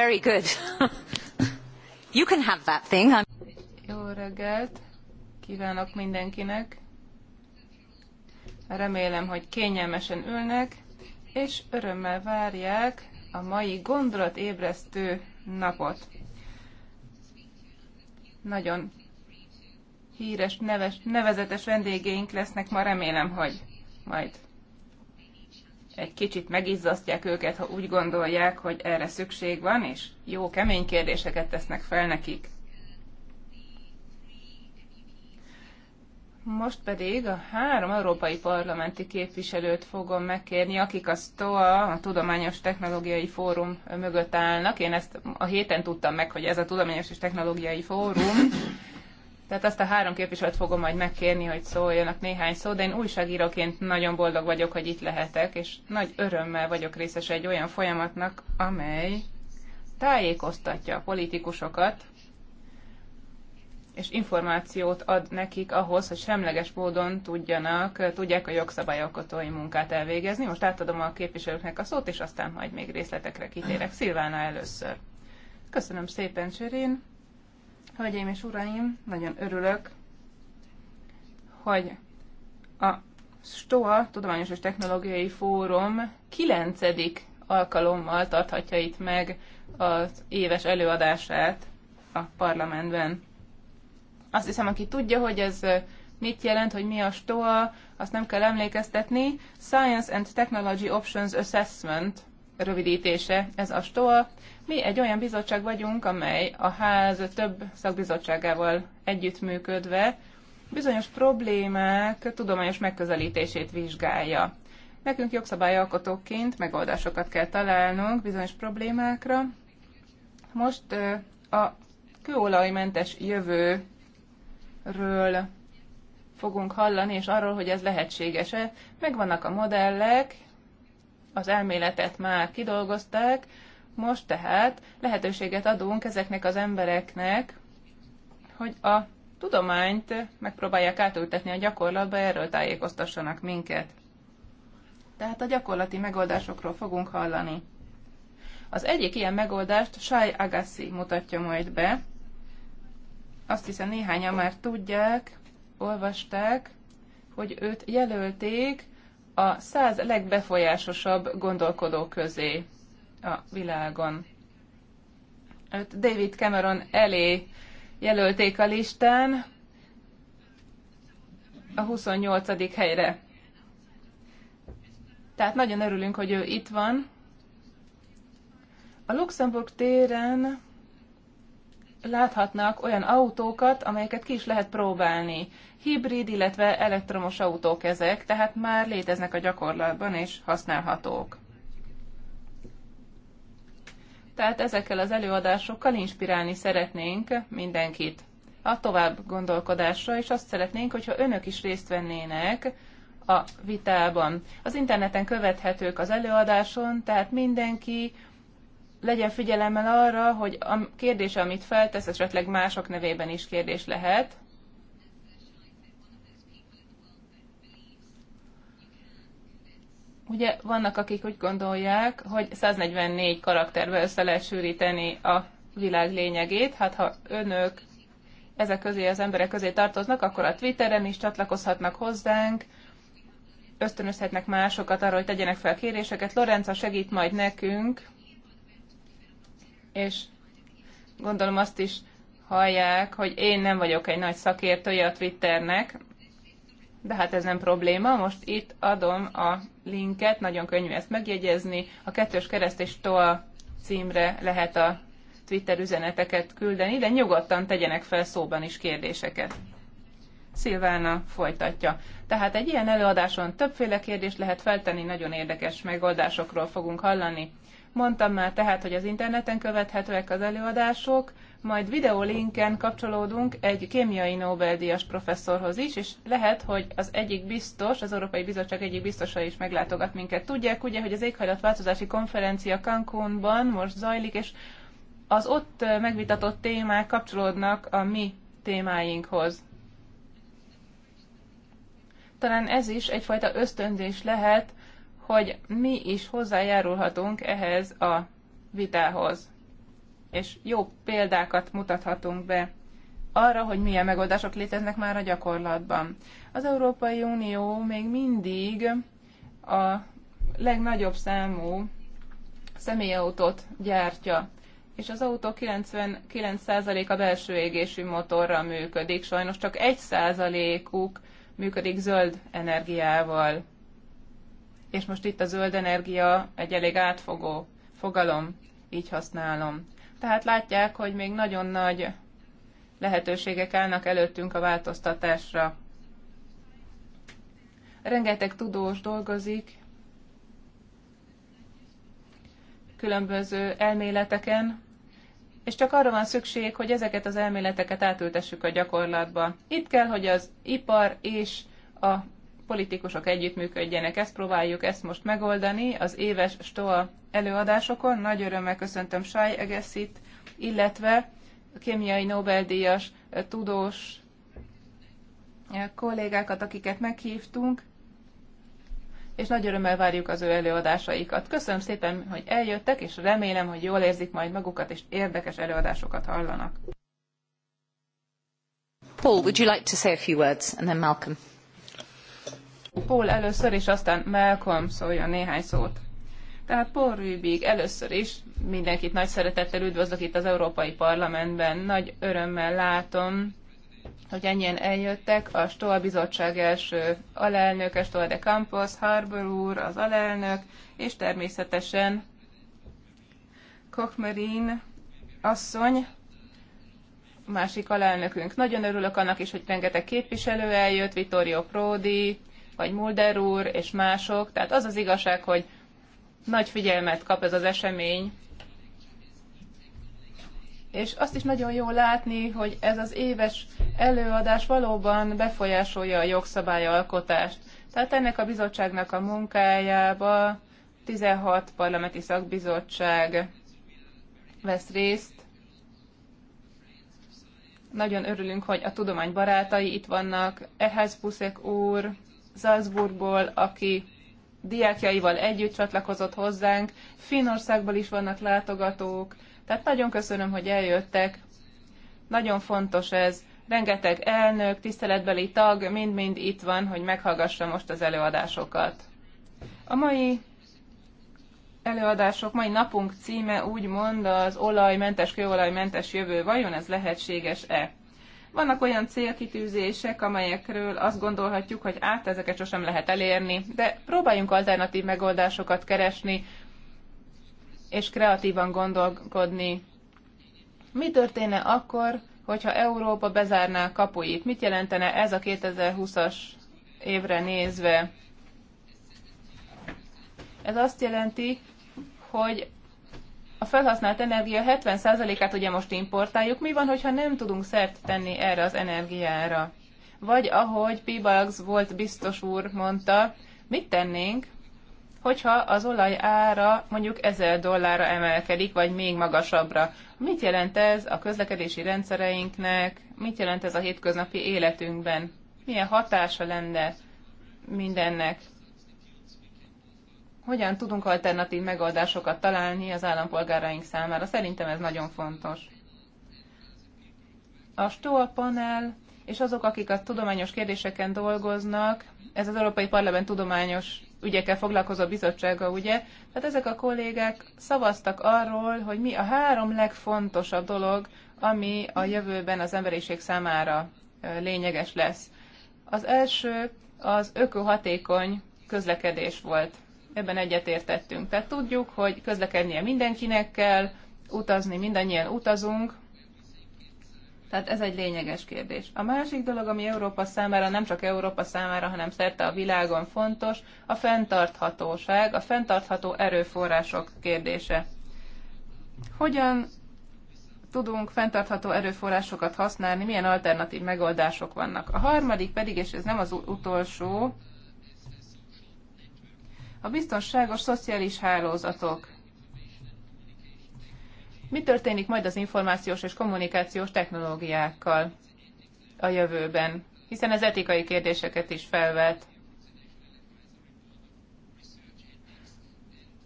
Very good. you can have that thing. I'm... Jó reggelt kívánok mindenkinek. Remélem, hogy kényelmesen ülnek, és örömmel várják a mai gondolatébresztő napot. Nagyon híres, neves, nevezetes vendégeink lesznek ma, remélem, hogy majd egy kicsit megizzasztják őket, ha úgy gondolják, hogy erre szükség van, és jó kemény kérdéseket tesznek fel nekik. Most pedig a három európai parlamenti képviselőt fogom megkérni, akik a STOA, a Tudományos Technológiai Fórum mögött állnak. Én ezt a héten tudtam meg, hogy ez a Tudományos és Technológiai Fórum tehát azt a három képviselőt fogom majd megkérni, hogy szóljanak néhány szó, de én újságíróként nagyon boldog vagyok, hogy itt lehetek, és nagy örömmel vagyok részes egy olyan folyamatnak, amely tájékoztatja a politikusokat, és információt ad nekik ahhoz, hogy semleges módon tudjanak, tudják a jogszabályalkotói munkát elvégezni. Most átadom a képviselőknek a szót, és aztán majd még részletekre kitérek. Szilvána először. Köszönöm szépen, Csirin. Hölgyeim és uraim, nagyon örülök, hogy a STOA, Tudományos és Technológiai Fórum 9. alkalommal tarthatja itt meg az éves előadását a parlamentben. Azt hiszem, aki tudja, hogy ez mit jelent, hogy mi a STOA, azt nem kell emlékeztetni. Science and Technology Options Assessment rövidítése, ez a STOA. Mi egy olyan bizottság vagyunk, amely a ház több szakbizottságával együttműködve bizonyos problémák tudományos megközelítését vizsgálja. Nekünk jogszabályalkotóként megoldásokat kell találnunk bizonyos problémákra. Most a kőolajmentes jövőről fogunk hallani, és arról, hogy ez lehetséges-e. Megvannak a modellek, az elméletet már kidolgozták, most tehát lehetőséget adunk ezeknek az embereknek, hogy a tudományt megpróbálják átültetni a gyakorlatba, erről tájékoztassanak minket. Tehát a gyakorlati megoldásokról fogunk hallani. Az egyik ilyen megoldást Shai Agassi mutatja majd be. Azt hiszem néhányan már tudják, olvasták, hogy őt jelölték a száz legbefolyásosabb gondolkodó közé a világon. Öt David Cameron elé jelölték a listán a 28. helyre. Tehát nagyon örülünk, hogy ő itt van. A Luxemburg téren láthatnak olyan autókat, amelyeket ki is lehet próbálni. Hibrid, illetve elektromos autók ezek, tehát már léteznek a gyakorlatban és használhatók. Tehát ezekkel az előadásokkal inspirálni szeretnénk mindenkit a tovább gondolkodásra, és azt szeretnénk, hogyha önök is részt vennének a vitában. Az interneten követhetők az előadáson, tehát mindenki legyen figyelemmel arra, hogy a kérdése, amit feltesz, esetleg mások nevében is kérdés lehet, Ugye vannak, akik úgy gondolják, hogy 144 karakterbe össze lehet sűríteni a világ lényegét. Hát ha önök ezek közé az emberek közé tartoznak, akkor a Twitteren is csatlakozhatnak hozzánk, ösztönözhetnek másokat arra, hogy tegyenek fel kéréseket. Lorenza segít majd nekünk, és gondolom azt is hallják, hogy én nem vagyok egy nagy szakértője a Twitternek, de hát ez nem probléma, most itt adom a linket, nagyon könnyű ezt megjegyezni. A kettős kereszt és toa címre lehet a Twitter üzeneteket küldeni, de nyugodtan tegyenek fel szóban is kérdéseket. Szilvána folytatja. Tehát egy ilyen előadáson többféle kérdést lehet feltenni, nagyon érdekes megoldásokról fogunk hallani. Mondtam már tehát, hogy az interneten követhetőek az előadások, majd videolinken kapcsolódunk egy kémiai Nobel-díjas professzorhoz is, és lehet, hogy az egyik biztos, az Európai Bizottság egyik biztosa is meglátogat minket. Tudják ugye, hogy az éghajlatváltozási konferencia Cancúnban most zajlik, és az ott megvitatott témák kapcsolódnak a mi témáinkhoz. Talán ez is egyfajta ösztönzés lehet, hogy mi is hozzájárulhatunk ehhez a vitához és jó példákat mutathatunk be arra, hogy milyen megoldások léteznek már a gyakorlatban. Az Európai Unió még mindig a legnagyobb számú személyautót gyártja, és az autó 99%-a belső égésű motorral működik, sajnos csak 1%-uk működik zöld energiával. És most itt a zöld energia egy elég átfogó fogalom, így használom. Tehát látják, hogy még nagyon nagy lehetőségek állnak előttünk a változtatásra. Rengeteg tudós dolgozik különböző elméleteken, és csak arra van szükség, hogy ezeket az elméleteket átültessük a gyakorlatba. Itt kell, hogy az ipar és a politikusok együttműködjenek. Ezt próbáljuk ezt most megoldani az éves STOA előadásokon. Nagy örömmel köszöntöm Sáj Egeszit, illetve a kémiai Nobel-díjas eh, tudós eh, kollégákat, akiket meghívtunk, és nagy örömmel várjuk az ő előadásaikat. Köszönöm szépen, hogy eljöttek, és remélem, hogy jól érzik majd magukat, és érdekes előadásokat hallanak. Paul, would you like to say a few words, and then Malcolm? Paul először, és aztán Malcolm szóljon néhány szót. Tehát Paul Rübig először is mindenkit nagy szeretettel üdvözlök itt az Európai Parlamentben. Nagy örömmel látom, hogy ennyien eljöttek. A STOA bizottság első alelnöke, STOA de Campos, Harbour úr, az alelnök, és természetesen Kochmerin asszony, másik alelnökünk. Nagyon örülök annak is, hogy rengeteg képviselő eljött, Vittorio Prodi, vagy Mulder úr és mások. Tehát az az igazság, hogy nagy figyelmet kap ez az esemény, és azt is nagyon jó látni, hogy ez az éves előadás valóban befolyásolja a jogszabályalkotást. Tehát ennek a bizottságnak a munkájába 16 parlamenti szakbizottság vesz részt. Nagyon örülünk, hogy a tudomány barátai itt vannak, Ehhez Puszek úr, Salzburgból, aki diákjaival együtt csatlakozott hozzánk, Finnországból is vannak látogatók, tehát nagyon köszönöm, hogy eljöttek. Nagyon fontos ez. Rengeteg elnök, tiszteletbeli tag, mind-mind itt van, hogy meghallgassa most az előadásokat. A mai előadások, mai napunk címe mond az olajmentes, kőolajmentes jövő. Vajon ez lehetséges-e? Vannak olyan célkitűzések, amelyekről azt gondolhatjuk, hogy át ezeket sosem lehet elérni, de próbáljunk alternatív megoldásokat keresni, és kreatívan gondolkodni. Mi történne akkor, hogyha Európa bezárná kapuit? Mit jelentene ez a 2020-as évre nézve? Ez azt jelenti, hogy a felhasznált energia 70%-át ugye most importáljuk. Mi van, hogyha nem tudunk szert tenni erre az energiára? Vagy ahogy Pibax volt biztos úr mondta, mit tennénk, hogyha az olaj ára mondjuk 1000 dollárra emelkedik, vagy még magasabbra. Mit jelent ez a közlekedési rendszereinknek, mit jelent ez a hétköznapi életünkben? Milyen hatása lenne mindennek? hogyan tudunk alternatív megoldásokat találni az állampolgáraink számára. Szerintem ez nagyon fontos. A STOA panel és azok, akik a tudományos kérdéseken dolgoznak, ez az Európai Parlament tudományos ügyekkel foglalkozó bizottsága, ugye? Tehát ezek a kollégák szavaztak arról, hogy mi a három legfontosabb dolog, ami a jövőben az emberiség számára lényeges lesz. Az első az ökohatékony közlekedés volt ebben egyetértettünk. Tehát tudjuk, hogy közlekednie mindenkinek kell, utazni mindannyian utazunk, tehát ez egy lényeges kérdés. A másik dolog, ami Európa számára, nem csak Európa számára, hanem szerte a világon fontos, a fenntarthatóság, a fenntartható erőforrások kérdése. Hogyan tudunk fenntartható erőforrásokat használni, milyen alternatív megoldások vannak. A harmadik pedig, és ez nem az utolsó, a biztonságos szociális hálózatok. Mi történik majd az információs és kommunikációs technológiákkal a jövőben? Hiszen ez etikai kérdéseket is felvet.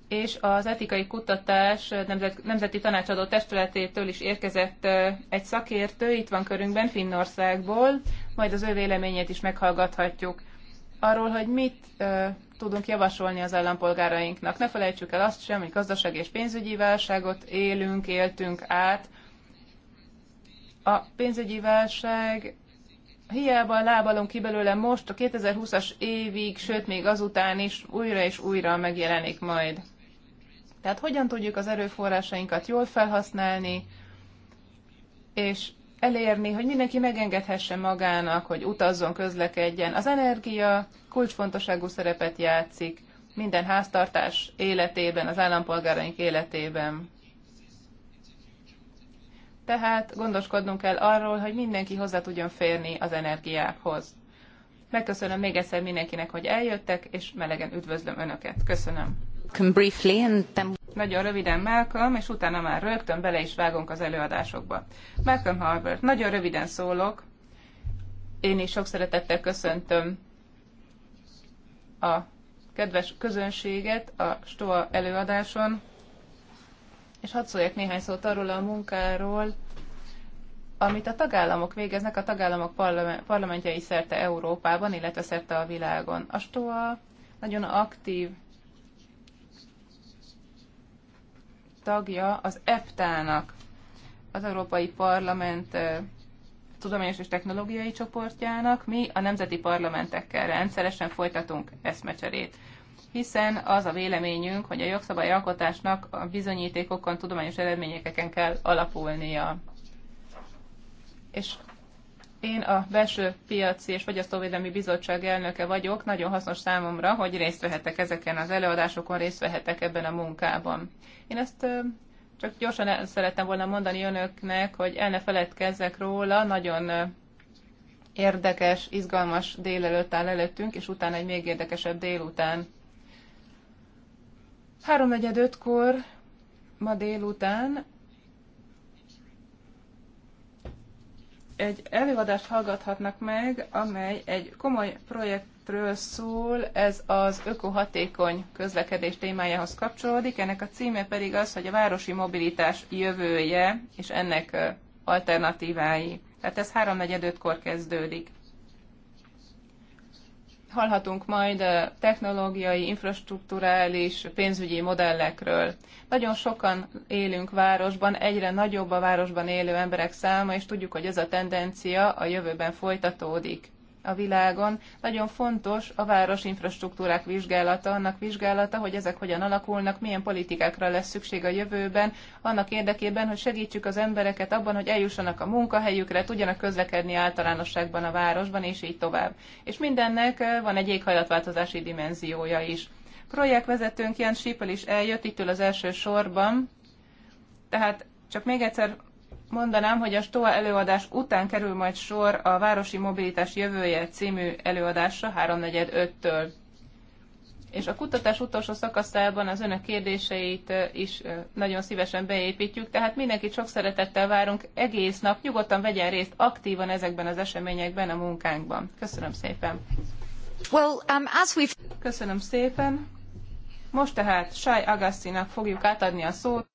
és az etikai kutatás nemzet, nemzeti tanácsadó testületétől is érkezett egy szakértő, itt van körünkben Finnországból, majd az ő véleményét is meghallgathatjuk arról, hogy mit tudunk javasolni az állampolgárainknak. Ne felejtsük el azt sem, hogy gazdaság és pénzügyi válságot élünk, éltünk át. A pénzügyi válság hiába lábalunk ki belőle most, a 2020-as évig, sőt még azután is újra és újra megjelenik majd. Tehát hogyan tudjuk az erőforrásainkat jól felhasználni, és elérni, hogy mindenki megengedhesse magának, hogy utazzon, közlekedjen. Az energia kulcsfontosságú szerepet játszik minden háztartás életében, az állampolgáraink életében. Tehát gondoskodnunk kell arról, hogy mindenki hozzá tudjon férni az energiákhoz. Megköszönöm még egyszer mindenkinek, hogy eljöttek, és melegen üdvözlöm Önöket. Köszönöm. Nagyon röviden Malcolm, és utána már rögtön bele is vágunk az előadásokba. Malcolm Harvard, nagyon röviden szólok. Én is sok szeretettel köszöntöm a kedves közönséget a STOA előadáson, és hadd szóljak néhány szót arról a munkáról, amit a tagállamok végeznek, a tagállamok parlamentjei szerte Európában, illetve szerte a világon. A STOA nagyon aktív tagja az efta nak az Európai Parlament Tudományos és Technológiai Csoportjának mi a nemzeti parlamentekkel rendszeresen folytatunk eszmecserét hiszen az a véleményünk, hogy a jogszabályalkotásnak a bizonyítékokon, tudományos eredményeken kell alapulnia. És én a belső piaci és fogyasztóvédelmi bizottság elnöke vagyok, nagyon hasznos számomra, hogy részt vehetek ezeken az előadásokon, részt vehetek ebben a munkában. Én ezt csak gyorsan el szerettem volna mondani önöknek, hogy el ne feledkezzek róla, nagyon érdekes, izgalmas délelőtt áll előttünk, és utána egy még érdekesebb délután. 3.45-kor ma délután egy előadást hallgathatnak meg, amely egy komoly projekt ről szól, ez az ökohatékony közlekedés témájához kapcsolódik, ennek a címe pedig az, hogy a városi mobilitás jövője és ennek alternatívái. Tehát ez 4 kor kezdődik. Hallhatunk majd technológiai, infrastruktúrális, pénzügyi modellekről. Nagyon sokan élünk városban, egyre nagyobb a városban élő emberek száma, és tudjuk, hogy ez a tendencia a jövőben folytatódik a világon. Nagyon fontos a város infrastruktúrák vizsgálata, annak vizsgálata, hogy ezek hogyan alakulnak, milyen politikákra lesz szükség a jövőben, annak érdekében, hogy segítsük az embereket abban, hogy eljussanak a munkahelyükre, tudjanak közlekedni általánosságban a városban, és így tovább. És mindennek eh, van egy éghajlatváltozási dimenziója is. Projektvezetőnk Jan Sipel is eljött itt ül az első sorban, tehát csak még egyszer mondanám, hogy a STOA előadás után kerül majd sor a Városi Mobilitás Jövője című előadásra 3.45-től. És a kutatás utolsó szakaszában az önök kérdéseit is nagyon szívesen beépítjük, tehát mindenkit sok szeretettel várunk egész nap, nyugodtan vegyen részt aktívan ezekben az eseményekben, a munkánkban. Köszönöm szépen! Well, um, as we've... Köszönöm szépen! Most tehát Saj Agassinak fogjuk átadni a szót.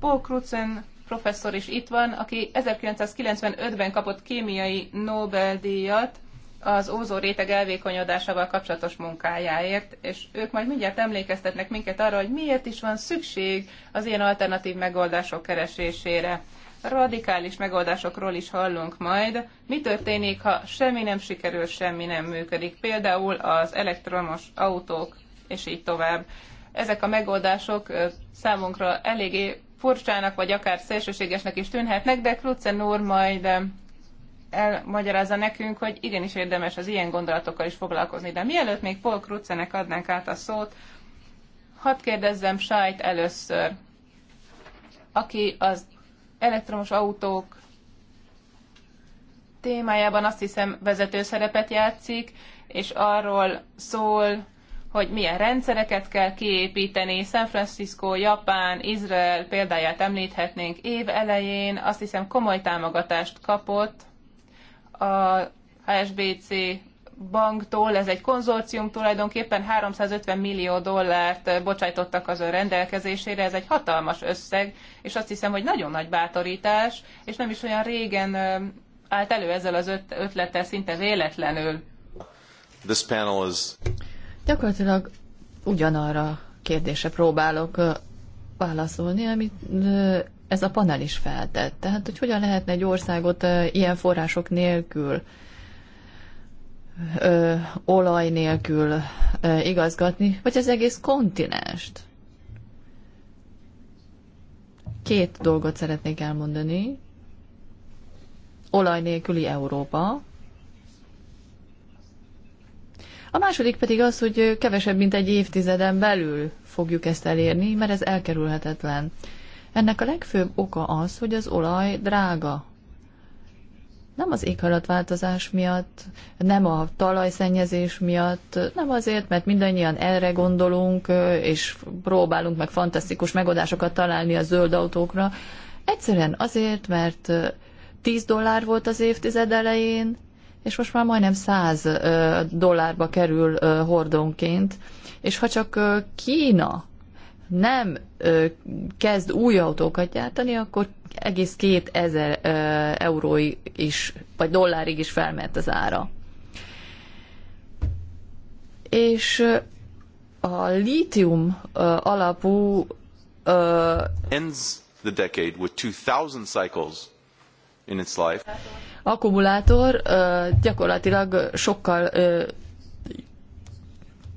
Paul Krutzen professzor is itt van, aki 1995-ben kapott kémiai Nobel-díjat az ózó réteg elvékonyodásával kapcsolatos munkájáért, és ők majd mindjárt emlékeztetnek minket arra, hogy miért is van szükség az ilyen alternatív megoldások keresésére. Radikális megoldásokról is hallunk majd. Mi történik, ha semmi nem sikerül, semmi nem működik? Például az elektromos autók, és így tovább. Ezek a megoldások számunkra eléggé furcsának, vagy akár szélsőségesnek is tűnhetnek, de Klutzen úr majd eh, elmagyarázza nekünk, hogy igenis érdemes az ilyen gondolatokkal is foglalkozni. De mielőtt még Paul Krutzenek adnánk át a szót, hadd kérdezzem Sajt először, aki az elektromos autók témájában azt hiszem vezető szerepet játszik, és arról szól, hogy milyen rendszereket kell kiépíteni. San Francisco, Japán, Izrael példáját említhetnénk év elején. Azt hiszem komoly támogatást kapott a HSBC banktól, ez egy konzorcium tulajdonképpen 350 millió dollárt bocsájtottak az ön rendelkezésére, ez egy hatalmas összeg, és azt hiszem, hogy nagyon nagy bátorítás, és nem is olyan régen állt elő ezzel az ötlettel szinte véletlenül. This panel is... Gyakorlatilag ugyanarra kérdése próbálok válaszolni, amit ez a panel is feltett. Tehát, hogy hogyan lehetne egy országot ilyen források nélkül, ö, olaj nélkül ö, igazgatni, vagy az egész kontinenst. Két dolgot szeretnék elmondani. Olaj nélküli Európa, a második pedig az, hogy kevesebb, mint egy évtizeden belül fogjuk ezt elérni, mert ez elkerülhetetlen. Ennek a legfőbb oka az, hogy az olaj drága. Nem az éghajlatváltozás miatt, nem a talajszennyezés miatt, nem azért, mert mindannyian erre gondolunk, és próbálunk meg fantasztikus megoldásokat találni a zöld autókra. Egyszerűen azért, mert 10 dollár volt az évtized elején, és most már majdnem 100 dollárba kerül hordónként, és ha csak Kína nem kezd új autókat gyártani, akkor egész 2000 eurói is, vagy dollárig is felment az ára. És a lítium alapú Ends the decade with 2000 cycles in its life. Akkumulátor gyakorlatilag sokkal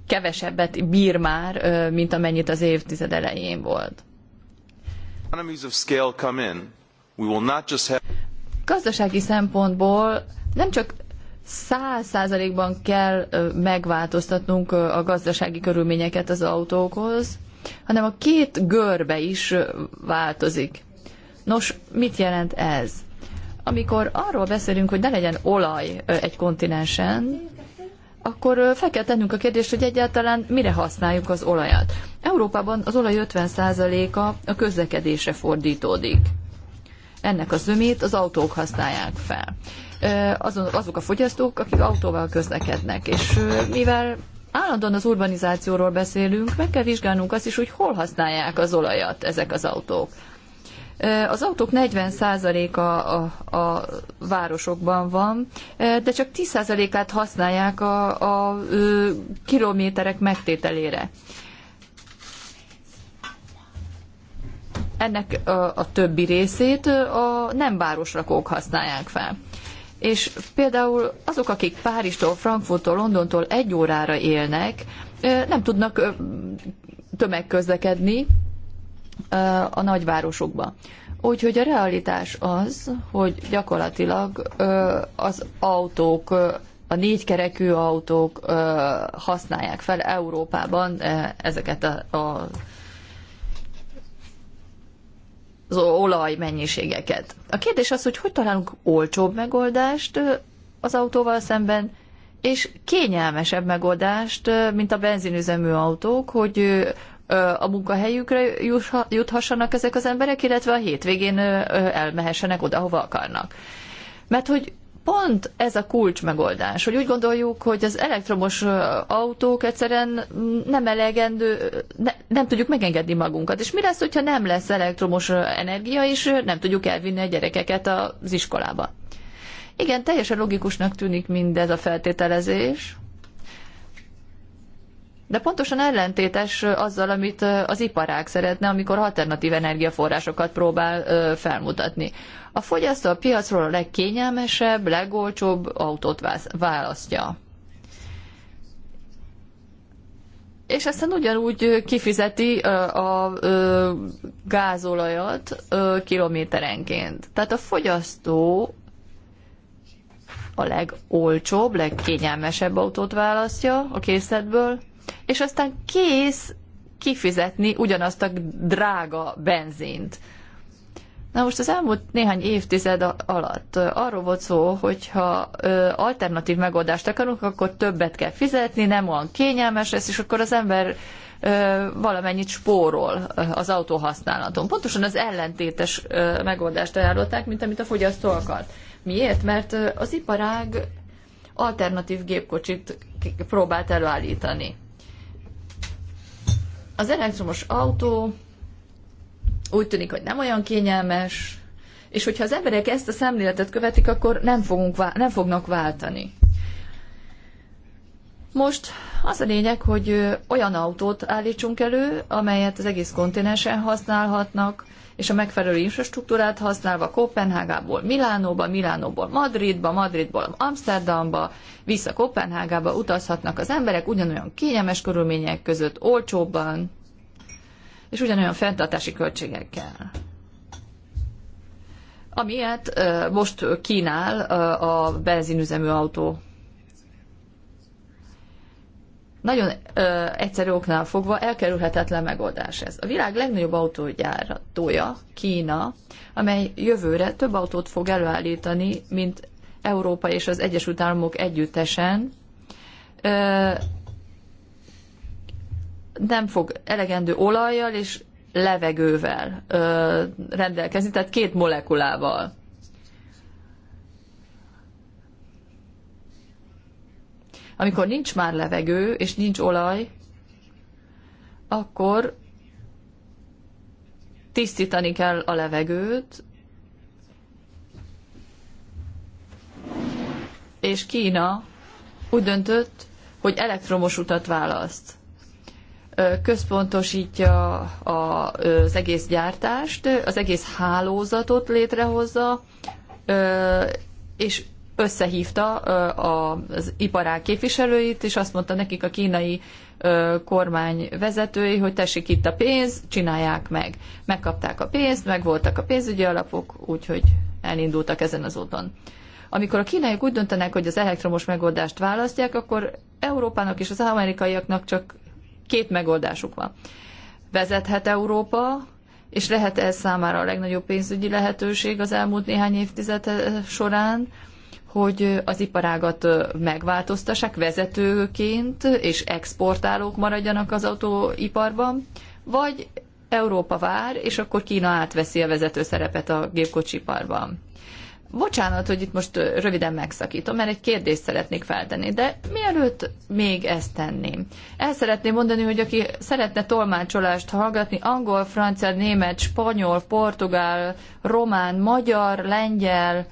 kevesebbet bír már, mint amennyit az évtized elején volt. Gazdasági szempontból nem csak száz százalékban kell megváltoztatnunk a gazdasági körülményeket az autókhoz, hanem a két görbe is változik. Nos, mit jelent ez? amikor arról beszélünk, hogy ne legyen olaj egy kontinensen, akkor fel kell tennünk a kérdést, hogy egyáltalán mire használjuk az olajat. Európában az olaj 50%-a a közlekedésre fordítódik. Ennek a zömét az autók használják fel. Azok a fogyasztók, akik autóval közlekednek, és mivel állandóan az urbanizációról beszélünk, meg kell vizsgálnunk azt is, hogy hol használják az olajat ezek az autók. Az autók 40%-a a, a városokban van, de csak 10%-át használják a, a, a kilométerek megtételére. Ennek a, a többi részét a nem városlakók használják fel. És például azok, akik Párizstól, Frankfurttól, Londontól egy órára élnek, nem tudnak tömegközlekedni, a nagyvárosokba. Úgyhogy a realitás az, hogy gyakorlatilag az autók, a négykerekű autók használják fel Európában ezeket a, a az olaj mennyiségeket. A kérdés az, hogy hogy találunk olcsóbb megoldást az autóval szemben, és kényelmesebb megoldást, mint a benzinüzemű autók, hogy a munkahelyükre juthassanak ezek az emberek, illetve a hétvégén elmehessenek oda, hova akarnak. Mert hogy pont ez a kulcs megoldás, hogy úgy gondoljuk, hogy az elektromos autók egyszerűen nem elegendő, ne, nem tudjuk megengedni magunkat. És mi lesz, hogyha nem lesz elektromos energia, és nem tudjuk elvinni a gyerekeket az iskolába? Igen, teljesen logikusnak tűnik mindez a feltételezés, de pontosan ellentétes azzal, amit az iparág szeretne, amikor alternatív energiaforrásokat próbál felmutatni. A fogyasztó a piacról a legkényelmesebb, legolcsóbb autót választja. És aztán ugyanúgy kifizeti a gázolajat kilométerenként. Tehát a fogyasztó a legolcsóbb, legkényelmesebb autót választja a készletből, és aztán kész kifizetni ugyanazt a drága benzint. Na most az elmúlt néhány évtized alatt arról volt szó, hogyha alternatív megoldást akarunk, akkor többet kell fizetni, nem olyan kényelmes lesz, és akkor az ember valamennyit spórol az autó használaton. Pontosan az ellentétes megoldást ajánlották, mint amit a fogyasztó akart. Miért? Mert az iparág alternatív gépkocsit próbált előállítani. Az elektromos autó úgy tűnik, hogy nem olyan kényelmes, és hogyha az emberek ezt a szemléletet követik, akkor nem, fogunk, nem fognak váltani. Most az a lényeg, hogy olyan autót állítsunk elő, amelyet az egész kontinensen használhatnak, és a megfelelő infrastruktúrát használva Kopenhágából Milánóba, Milánóból Madridba, Madridból Amsterdamba, vissza Kopenhágába utazhatnak az emberek ugyanolyan kényelmes körülmények között, olcsóbban, és ugyanolyan fenntartási költségekkel. amiért most kínál a benzinüzemű autó nagyon ö, egyszerű oknál fogva elkerülhetetlen megoldás ez. A világ legnagyobb autógyártója, Kína, amely jövőre több autót fog előállítani, mint Európa és az Egyesült Államok együttesen, ö, nem fog elegendő olajjal és levegővel ö, rendelkezni, tehát két molekulával. Amikor nincs már levegő és nincs olaj, akkor tisztítani kell a levegőt, és Kína úgy döntött, hogy elektromos utat választ. Központosítja az egész gyártást, az egész hálózatot létrehozza, és összehívta az iparág képviselőit, és azt mondta nekik a kínai kormány vezetői, hogy tessék itt a pénz, csinálják meg. Megkapták a pénzt, megvoltak a pénzügyi alapok, úgyhogy elindultak ezen az úton. Amikor a kínaiak úgy döntenek, hogy az elektromos megoldást választják, akkor Európának és az amerikaiaknak csak két megoldásuk van. Vezethet Európa, és lehet ez számára a legnagyobb pénzügyi lehetőség az elmúlt néhány évtized során, hogy az iparágat megváltoztassák vezetőként, és exportálók maradjanak az autóiparban, vagy Európa vár, és akkor Kína átveszi a vezető szerepet a gépkocsiparban. Bocsánat, hogy itt most röviden megszakítom, mert egy kérdést szeretnék feltenni, de mielőtt még ezt tenném. El szeretném mondani, hogy aki szeretne tolmácsolást hallgatni, angol, francia, német, spanyol, portugál, román, magyar, lengyel,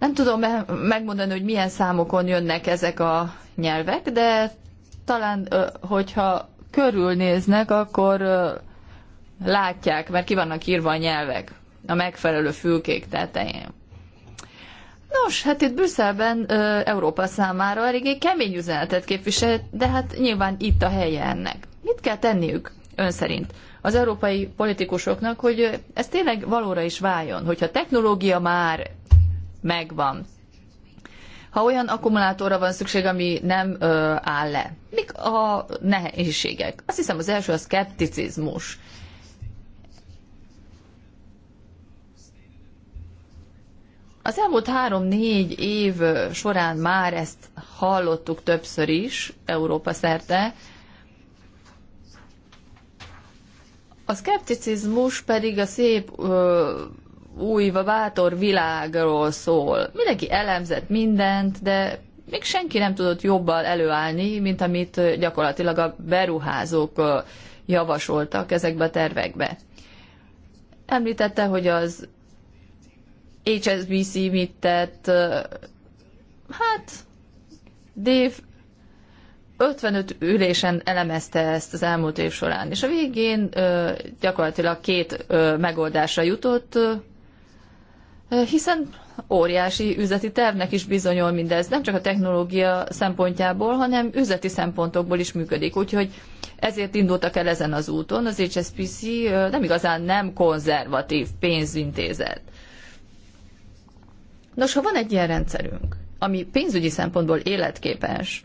nem tudom megmondani, hogy milyen számokon jönnek ezek a nyelvek, de talán, hogyha körülnéznek, akkor látják, mert ki vannak írva a nyelvek a megfelelő fülkék tetején. Nos, hát itt Brüsszelben Európa számára eléggé kemény üzenetet képvisel, de hát nyilván itt a helye ennek. Mit kell tenniük ön szerint az európai politikusoknak, hogy ez tényleg valóra is váljon, hogyha technológia már megvan. Ha olyan akkumulátorra van szükség, ami nem ö, áll le, mik a nehézségek? Azt hiszem az első a szkepticizmus. Az elmúlt három-négy év során már ezt hallottuk többször is Európa szerte. A szkepticizmus pedig a szép ö, új, bátor világról szól. Mindenki elemzett mindent, de még senki nem tudott jobban előállni, mint amit gyakorlatilag a beruházók javasoltak ezekbe a tervekbe. Említette, hogy az HSBC mit tett, hát Dave 55 ülésen elemezte ezt az elmúlt év során, és a végén gyakorlatilag két megoldásra jutott, hiszen óriási üzleti tervnek is bizonyol mindez, nem csak a technológia szempontjából, hanem üzleti szempontokból is működik. Úgyhogy ezért indultak el ezen az úton. Az HSBC nem igazán nem konzervatív pénzintézet. Nos, ha van egy ilyen rendszerünk, ami pénzügyi szempontból életképes,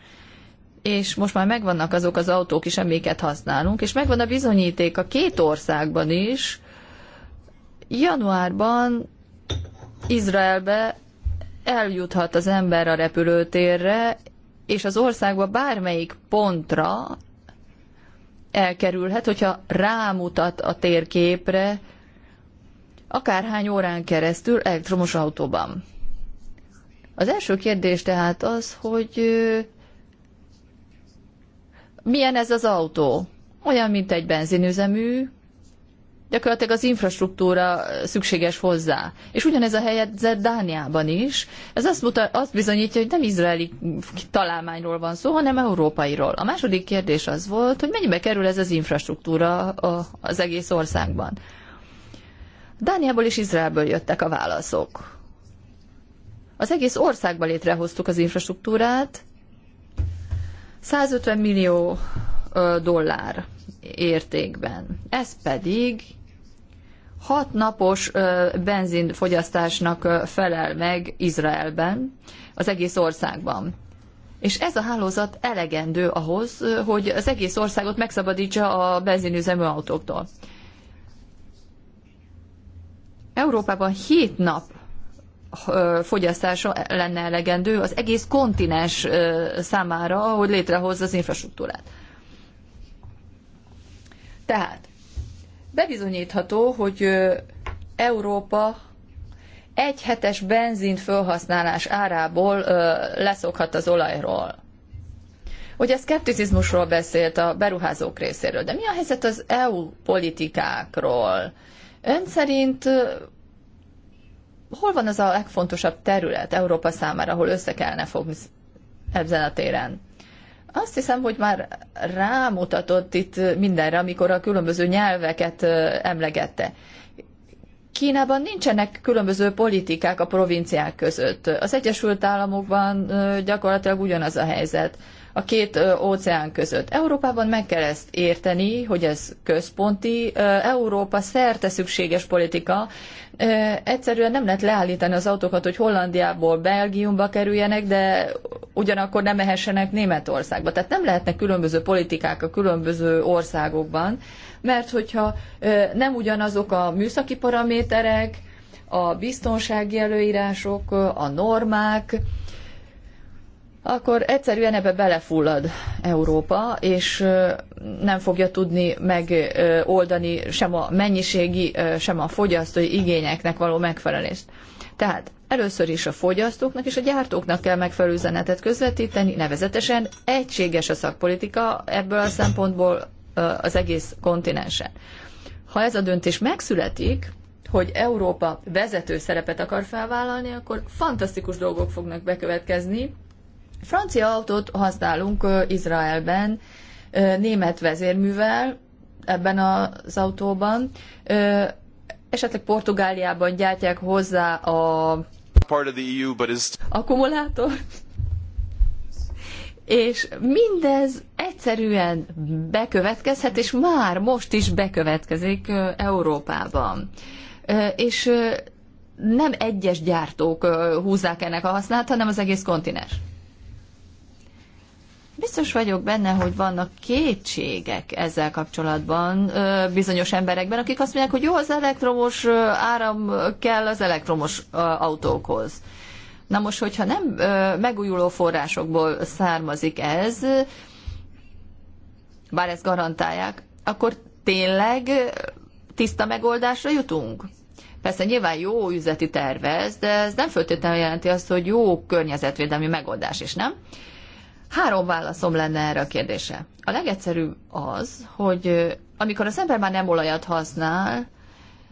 és most már megvannak azok az autók is, amiket használunk, és megvan a bizonyíték a két országban is, januárban Izraelbe eljuthat az ember a repülőtérre, és az országba bármelyik pontra elkerülhet, hogyha rámutat a térképre, akárhány órán keresztül elektromos autóban. Az első kérdés tehát az, hogy milyen ez az autó? Olyan, mint egy benzinüzemű, gyakorlatilag az infrastruktúra szükséges hozzá. És ugyanez a helyzet Dániában is. Ez azt, mutat, azt bizonyítja, hogy nem izraeli találmányról van szó, hanem európairól. A második kérdés az volt, hogy mennyibe kerül ez az infrastruktúra az egész országban. Dániából és Izraelből jöttek a válaszok. Az egész országban létrehoztuk az infrastruktúrát, 150 millió dollár értékben. Ez pedig hat napos benzinfogyasztásnak felel meg Izraelben, az egész országban. És ez a hálózat elegendő ahhoz, hogy az egész országot megszabadítsa a benzinüzemű autóktól. Európában hét nap fogyasztása lenne elegendő az egész kontinens számára, hogy létrehozza az infrastruktúrát. Tehát bebizonyítható, hogy Európa egy hetes benzint felhasználás árából leszokhat az olajról. Hogy a szkepticizmusról beszélt a beruházók részéről, de mi a helyzet az EU politikákról? Ön szerint hol van az a legfontosabb terület Európa számára, ahol össze kellene fogni ezen a téren? Azt hiszem, hogy már rámutatott itt mindenre, amikor a különböző nyelveket emlegette. Kínában nincsenek különböző politikák a provinciák között. Az Egyesült Államokban gyakorlatilag ugyanaz a helyzet a két óceán között. Európában meg kell ezt érteni, hogy ez központi, Európa szerte szükséges politika, egyszerűen nem lehet leállítani az autókat, hogy Hollandiából Belgiumba kerüljenek, de ugyanakkor nem mehessenek Németországba. Tehát nem lehetnek különböző politikák a különböző országokban, mert hogyha nem ugyanazok a műszaki paraméterek, a biztonsági előírások, a normák, akkor egyszerűen ebbe belefullad Európa, és nem fogja tudni megoldani sem a mennyiségi, sem a fogyasztói igényeknek való megfelelést. Tehát először is a fogyasztóknak és a gyártóknak kell megfelelő üzenetet közvetíteni, nevezetesen egységes a szakpolitika ebből a szempontból az egész kontinensen. Ha ez a döntés megszületik, hogy Európa vezető szerepet akar felvállalni, akkor fantasztikus dolgok fognak bekövetkezni, Francia autót használunk Izraelben, német vezérművel ebben az autóban, esetleg Portugáliában gyártják hozzá a part of the EU, but is... akkumulátort. És mindez egyszerűen bekövetkezhet, és már most is bekövetkezik Európában. És nem egyes gyártók húzzák ennek a hasznát, hanem az egész kontinens. Biztos vagyok benne, hogy vannak kétségek ezzel kapcsolatban bizonyos emberekben, akik azt mondják, hogy jó, az elektromos áram kell az elektromos autókhoz. Na most, hogyha nem megújuló forrásokból származik ez, bár ezt garantálják, akkor tényleg tiszta megoldásra jutunk? Persze nyilván jó üzleti tervez, de ez nem föltétlenül jelenti azt, hogy jó környezetvédelmi megoldás is, nem? Három válaszom lenne erre a kérdésre. A legegyszerűbb az, hogy amikor az ember már nem olajat használ,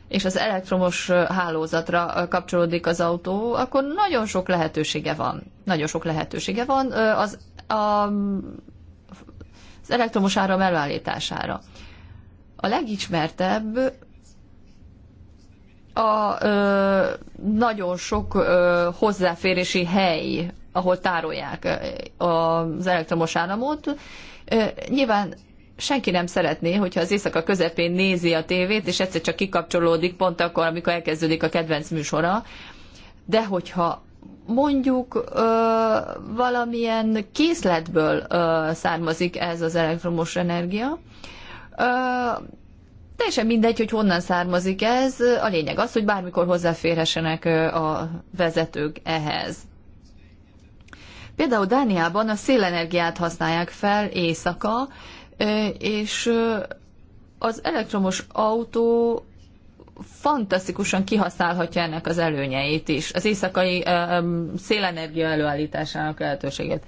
és az elektromos hálózatra kapcsolódik az autó, akkor nagyon sok lehetősége van. Nagyon sok lehetősége van az, a, az elektromos áram előállítására. A legismertebb a ö, nagyon sok ö, hozzáférési hely ahol tárolják az elektromos áramot. Nyilván senki nem szeretné, hogyha az éjszaka közepén nézi a tévét, és egyszer csak kikapcsolódik pont akkor, amikor elkezdődik a kedvenc műsora. De hogyha mondjuk ö, valamilyen készletből ö, származik ez az elektromos energia, ö, teljesen mindegy, hogy honnan származik ez, a lényeg az, hogy bármikor hozzáférhessenek a vezetők ehhez. Például Dániában a szélenergiát használják fel éjszaka, és az elektromos autó fantasztikusan kihasználhatja ennek az előnyeit is, az éjszakai szélenergia előállításának lehetőségét.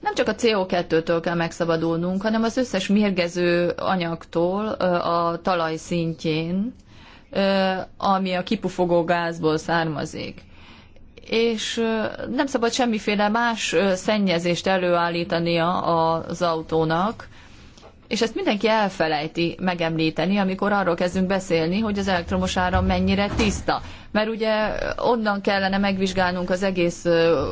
nem csak a CO2-től kell megszabadulnunk, hanem az összes mérgező anyagtól a talaj szintjén, ami a kipufogó gázból származik. És nem szabad semmiféle más szennyezést előállítania az autónak, és ezt mindenki elfelejti megemlíteni, amikor arról kezdünk beszélni, hogy az elektromos áram mennyire tiszta. Mert ugye onnan kellene megvizsgálnunk az egész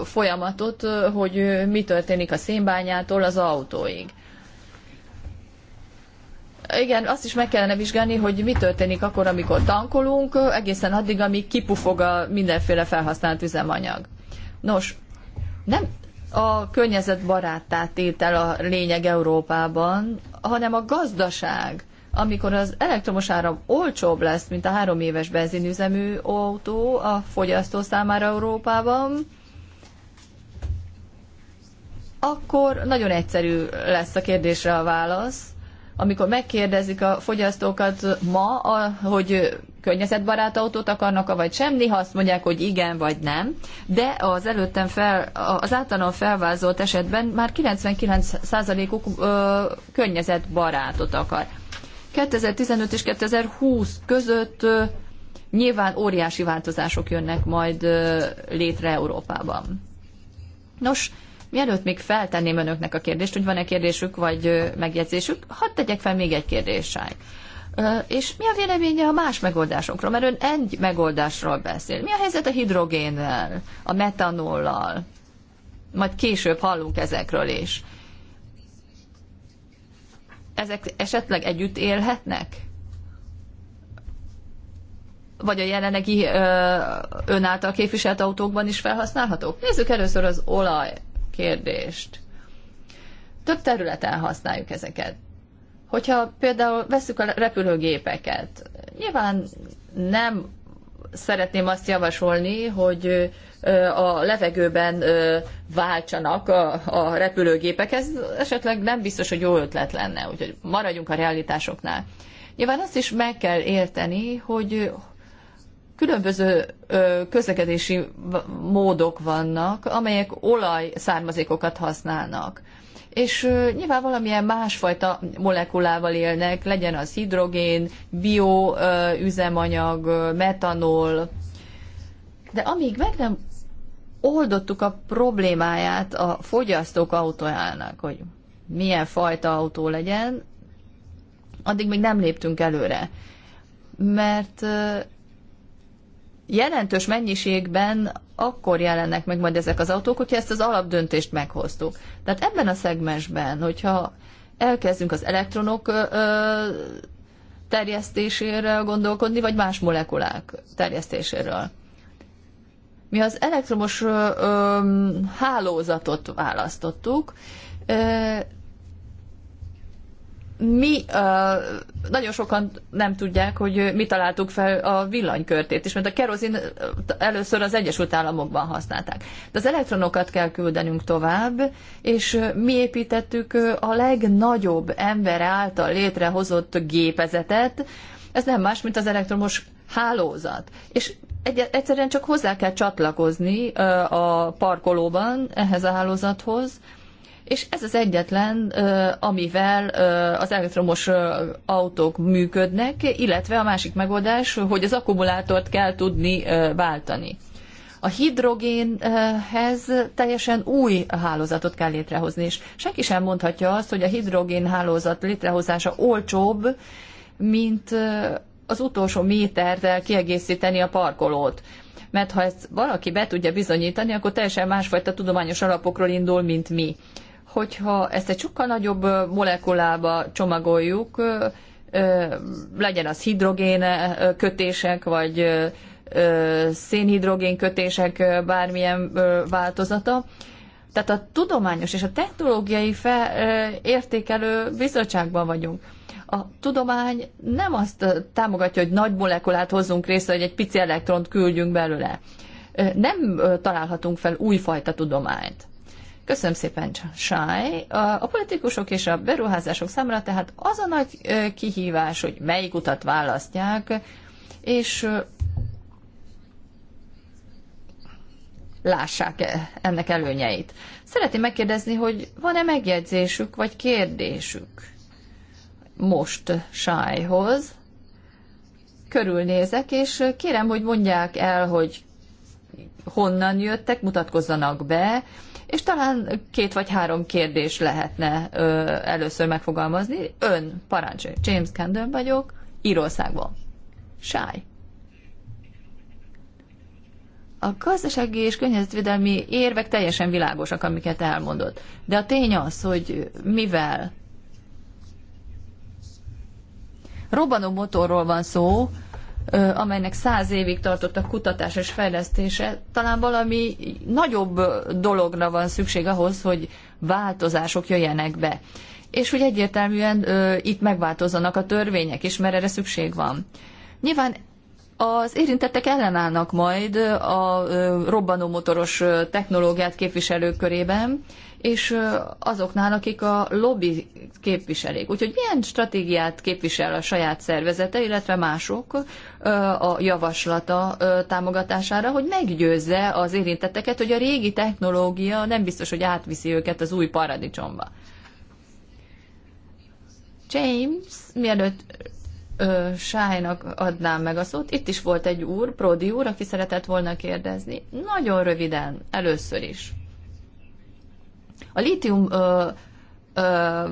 folyamatot, hogy mi történik a szénbányától az autóig igen, azt is meg kellene vizsgálni, hogy mi történik akkor, amikor tankolunk, egészen addig, amíg kipufog a mindenféle felhasznált üzemanyag. Nos, nem a környezetbaráttá tétel a lényeg Európában, hanem a gazdaság. Amikor az elektromos áram olcsóbb lesz, mint a három éves benzinüzemű autó a fogyasztó számára Európában, akkor nagyon egyszerű lesz a kérdésre a válasz amikor megkérdezik a fogyasztókat ma, a, hogy környezetbarát autót akarnak, vagy sem, néha azt mondják, hogy igen, vagy nem, de az előttem fel, az általán felvázolt esetben már 99%-uk környezetbarátot akar. 2015 és 2020 között ö, nyilván óriási változások jönnek majd ö, létre Európában. Nos, Mielőtt még feltenném önöknek a kérdést, hogy van-e kérdésük vagy megjegyzésük, hadd tegyek fel még egy kérdéssel. És mi a véleménye a más megoldásokról? Mert ön egy megoldásról beszél. Mi a helyzet a hidrogénnel, a metanollal? Majd később hallunk ezekről is. Ezek esetleg együtt élhetnek? Vagy a jelenlegi ö, ön által képviselt autókban is felhasználhatók? Nézzük először az olaj kérdést. Több területen használjuk ezeket. Hogyha például veszük a repülőgépeket, nyilván nem szeretném azt javasolni, hogy a levegőben váltsanak a, a repülőgépek. Ez esetleg nem biztos, hogy jó ötlet lenne, úgyhogy maradjunk a realitásoknál. Nyilván azt is meg kell érteni, hogy különböző közlekedési módok vannak, amelyek olajszármazékokat használnak. És nyilván valamilyen másfajta molekulával élnek, legyen az hidrogén, bioüzemanyag, metanol. De amíg meg nem oldottuk a problémáját a fogyasztók autójának, hogy milyen fajta autó legyen, addig még nem léptünk előre. Mert jelentős mennyiségben akkor jelennek meg majd ezek az autók, hogyha ezt az alapdöntést meghoztuk. Tehát ebben a szegmensben, hogyha elkezdünk az elektronok terjesztéséről gondolkodni, vagy más molekulák terjesztéséről. Mi az elektromos ö, ö, hálózatot választottuk, ö, mi nagyon sokan nem tudják, hogy mi találtuk fel a villanykörtét is, mert a kerozin először az Egyesült Államokban használták. De az elektronokat kell küldenünk tovább, és mi építettük a legnagyobb ember által létrehozott gépezetet, ez nem más, mint az elektromos hálózat. És egy, egyszerűen csak hozzá kell csatlakozni a parkolóban ehhez a hálózathoz, és ez az egyetlen, amivel az elektromos autók működnek, illetve a másik megoldás, hogy az akkumulátort kell tudni váltani. A hidrogénhez teljesen új hálózatot kell létrehozni, és senki sem mondhatja azt, hogy a hidrogén hálózat létrehozása olcsóbb, mint az utolsó méterrel kiegészíteni a parkolót. Mert ha ezt valaki be tudja bizonyítani, akkor teljesen másfajta tudományos alapokról indul, mint mi hogyha ezt egy sokkal nagyobb molekulába csomagoljuk, legyen az hidrogén kötések, vagy szénhidrogén kötések bármilyen változata. Tehát a tudományos és a technológiai fel, értékelő bizottságban vagyunk. A tudomány nem azt támogatja, hogy nagy molekulát hozzunk részre, hogy egy pici elektront küldjünk belőle. Nem találhatunk fel újfajta tudományt. Köszönöm szépen, Sáj. A politikusok és a beruházások számára tehát az a nagy kihívás, hogy melyik utat választják, és lássák -e ennek előnyeit. Szeretném megkérdezni, hogy van-e megjegyzésük vagy kérdésük most Sájhoz. Körülnézek, és kérem, hogy mondják el, hogy honnan jöttek, mutatkozzanak be, és talán két vagy három kérdés lehetne ö, először megfogalmazni. Ön, parancsolj, James Camden vagyok, Írországból. Sáj. A gazdasági és környezetvédelmi érvek teljesen világosak, amiket elmondott. De a tény az, hogy mivel robbanó motorról van szó, amelynek száz évig tartott a kutatás és fejlesztése, talán valami nagyobb dologra van szükség ahhoz, hogy változások jöjjenek be. És hogy egyértelműen ö, itt megváltozzanak a törvények is, mert erre szükség van. Nyilván az érintettek ellenállnak majd a robbanómotoros technológiát képviselők körében, és azoknál, akik a lobby képviselik. Úgyhogy milyen stratégiát képvisel a saját szervezete, illetve mások a javaslata támogatására, hogy meggyőzze az érintetteket, hogy a régi technológia nem biztos, hogy átviszi őket az új paradicsomba. James, mielőtt Sájnak adnám meg a szót. Itt is volt egy úr, Prodi úr, aki szeretett volna kérdezni. Nagyon röviden, először is. A lítium ö, ö,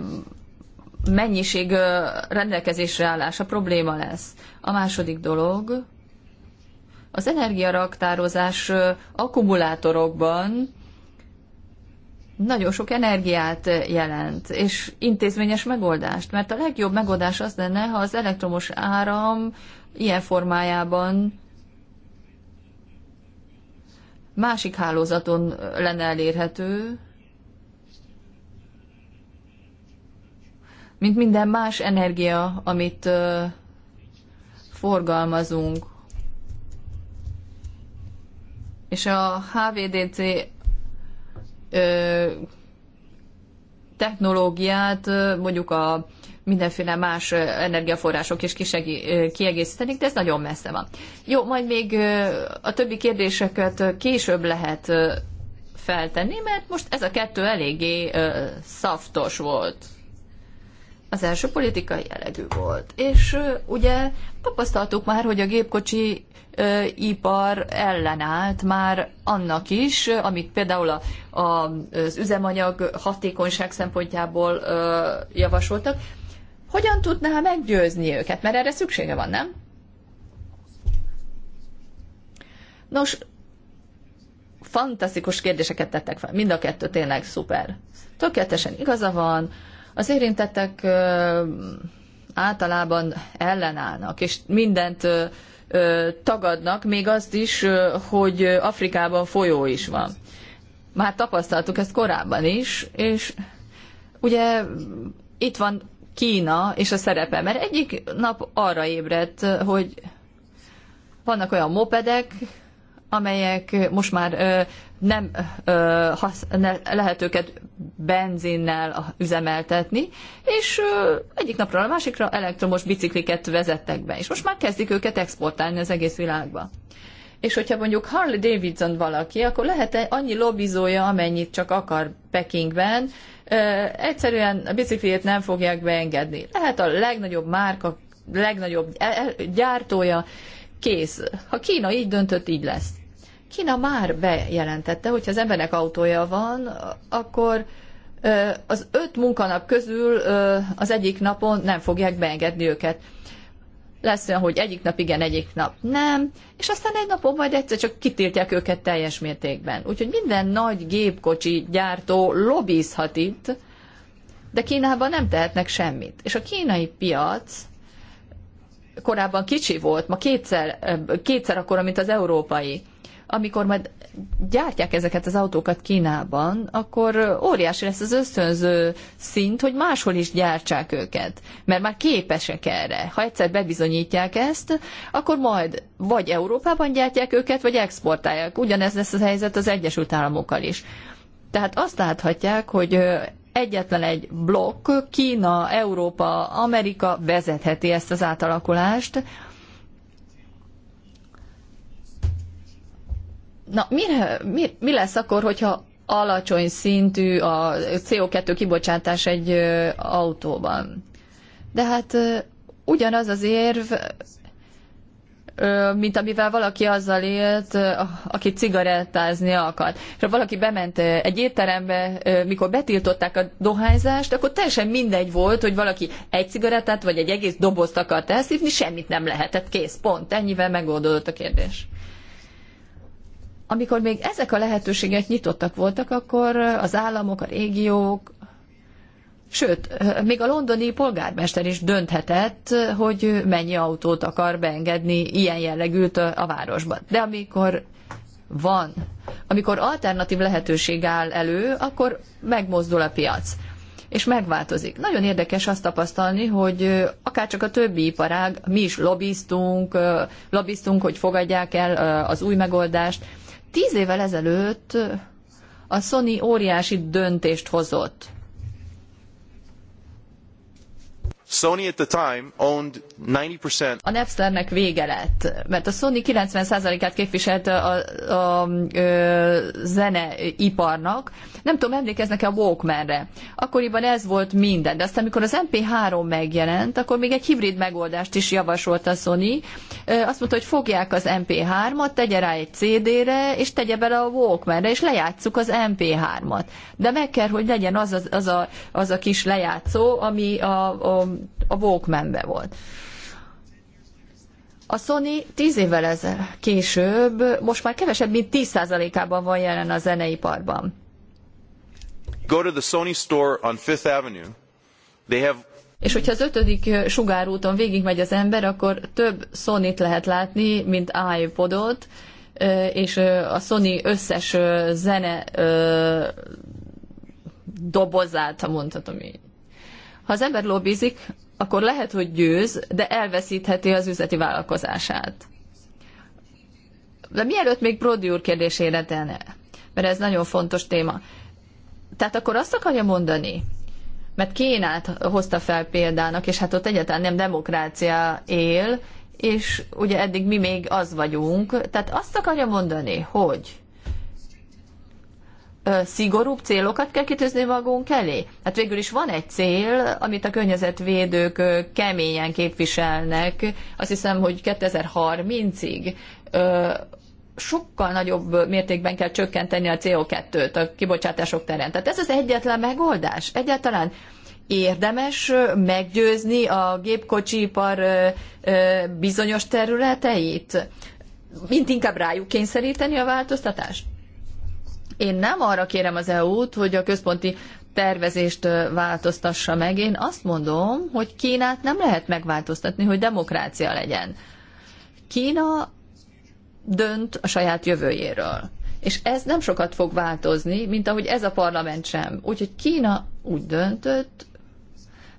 mennyiség ö, rendelkezésre állása probléma lesz. A második dolog, az energiaraktározás akkumulátorokban nagyon sok energiát jelent, és intézményes megoldást, mert a legjobb megoldás az lenne, ha az elektromos áram ilyen formájában másik hálózaton lenne elérhető, mint minden más energia, amit forgalmazunk. És a HVDC technológiát mondjuk a mindenféle más energiaforrások is kisegi, kiegészítenik, de ez nagyon messze van. Jó, majd még a többi kérdéseket később lehet feltenni, mert most ez a kettő eléggé szaftos volt. Az első politikai jellegű volt. És ugye tapasztaltuk már, hogy a gépkocsi ö, ipar ellenállt már annak is, amit például a, a, az üzemanyag hatékonyság szempontjából ö, javasoltak. Hogyan tudná meggyőzni őket? Mert erre szüksége van, nem? Nos, fantasztikus kérdéseket tettek fel. Mind a kettő tényleg szuper. Tökéletesen igaza van, az érintettek általában ellenállnak, és mindent tagadnak, még azt is, hogy Afrikában folyó is van. Már tapasztaltuk ezt korábban is, és ugye itt van Kína és a szerepe, mert egyik nap arra ébredt, hogy vannak olyan mopedek, amelyek most már nem hasz, ne, lehet őket benzinnel üzemeltetni, és egyik napról a másikra elektromos bicikliket vezettek be, és most már kezdik őket exportálni az egész világba. És hogyha mondjuk Harley Davidson valaki, akkor lehet -e annyi lobbizója, amennyit csak akar Pekingben, egyszerűen a bicikliét nem fogják beengedni. Lehet a legnagyobb márka, legnagyobb e, e, gyártója, kész. Ha Kína így döntött, így lesz. Kína már bejelentette, hogy az embernek autója van, akkor az öt munkanap közül az egyik napon nem fogják beengedni őket. Lesz olyan, hogy egyik nap igen, egyik nap nem, és aztán egy napon majd egyszer csak kitiltják őket teljes mértékben. Úgyhogy minden nagy gépkocsi gyártó lobbizhat itt, de Kínában nem tehetnek semmit. És a kínai piac korábban kicsi volt, ma kétszer, kétszer akkor, mint az európai amikor majd gyártják ezeket az autókat Kínában, akkor óriási lesz az ösztönző szint, hogy máshol is gyártsák őket, mert már képesek erre. Ha egyszer bebizonyítják ezt, akkor majd vagy Európában gyártják őket, vagy exportálják. Ugyanez lesz a helyzet az Egyesült Államokkal is. Tehát azt láthatják, hogy egyetlen egy blokk, Kína, Európa, Amerika vezetheti ezt az átalakulást, Na, mi, mi, mi lesz akkor, hogyha alacsony szintű a CO2 kibocsátás egy autóban? De hát ugyanaz az érv, mint amivel valaki azzal élt, aki cigarettázni akart. És ha valaki bement egy étterembe, mikor betiltották a dohányzást, akkor teljesen mindegy volt, hogy valaki egy cigarettát vagy egy egész dobozt akart elszívni, semmit nem lehetett, kész, pont. Ennyivel megoldódott a kérdés amikor még ezek a lehetőségek nyitottak voltak, akkor az államok, a régiók, sőt, még a londoni polgármester is dönthetett, hogy mennyi autót akar beengedni ilyen jellegűt a városban. De amikor van, amikor alternatív lehetőség áll elő, akkor megmozdul a piac és megváltozik. Nagyon érdekes azt tapasztalni, hogy akárcsak a többi iparág, mi is lobbiztunk, lobbiztunk, hogy fogadják el az új megoldást, tíz évvel ezelőtt a Sony óriási döntést hozott. Sony at the time owned 90%. A Napsternek vége lett, mert a Sony 90%-át képviselte a, a, a zeneiparnak. Nem tudom, emlékeznek-e a Walkmanre. Akkoriban ez volt minden, de aztán amikor az MP3 megjelent, akkor még egy hibrid megoldást is javasolt a Sony. Azt mondta, hogy fogják az MP3-at, tegye rá egy CD-re, és tegye bele a Walkmanre, és lejátszuk az MP3-at. De meg kell, hogy legyen az, az, az, a, az a kis lejátszó, ami a, a a walkman volt. A Sony tíz évvel ezzel később most már kevesebb, mint 10%-ában van jelen a zeneiparban. Go to the Sony store on Fifth Avenue. They have és hogyha az ötödik sugárúton végigmegy az ember, akkor több Sony-t lehet látni, mint iPodot, és a Sony összes zene dobozát, ha mondhatom így. Ha az ember lobbizik, akkor lehet, hogy győz, de elveszítheti az üzleti vállalkozását. De mielőtt még Brody úr kérdésére tenne, mert ez nagyon fontos téma. Tehát akkor azt akarja mondani, mert kénát hozta fel példának, és hát ott egyáltalán nem demokrácia él, és ugye eddig mi még az vagyunk. Tehát azt akarja mondani, hogy szigorúbb célokat kell kitűzni magunk elé? Hát végül is van egy cél, amit a környezetvédők keményen képviselnek, azt hiszem, hogy 2030-ig sokkal nagyobb mértékben kell csökkenteni a CO2-t a kibocsátások terén. Tehát ez az egyetlen megoldás. Egyáltalán érdemes meggyőzni a gépkocsipar bizonyos területeit? Mint inkább rájuk kényszeríteni a változtatást? Én nem arra kérem az EU-t, hogy a központi tervezést változtassa meg. Én azt mondom, hogy Kínát nem lehet megváltoztatni, hogy demokrácia legyen. Kína dönt a saját jövőjéről. És ez nem sokat fog változni, mint ahogy ez a parlament sem. Úgyhogy Kína úgy döntött,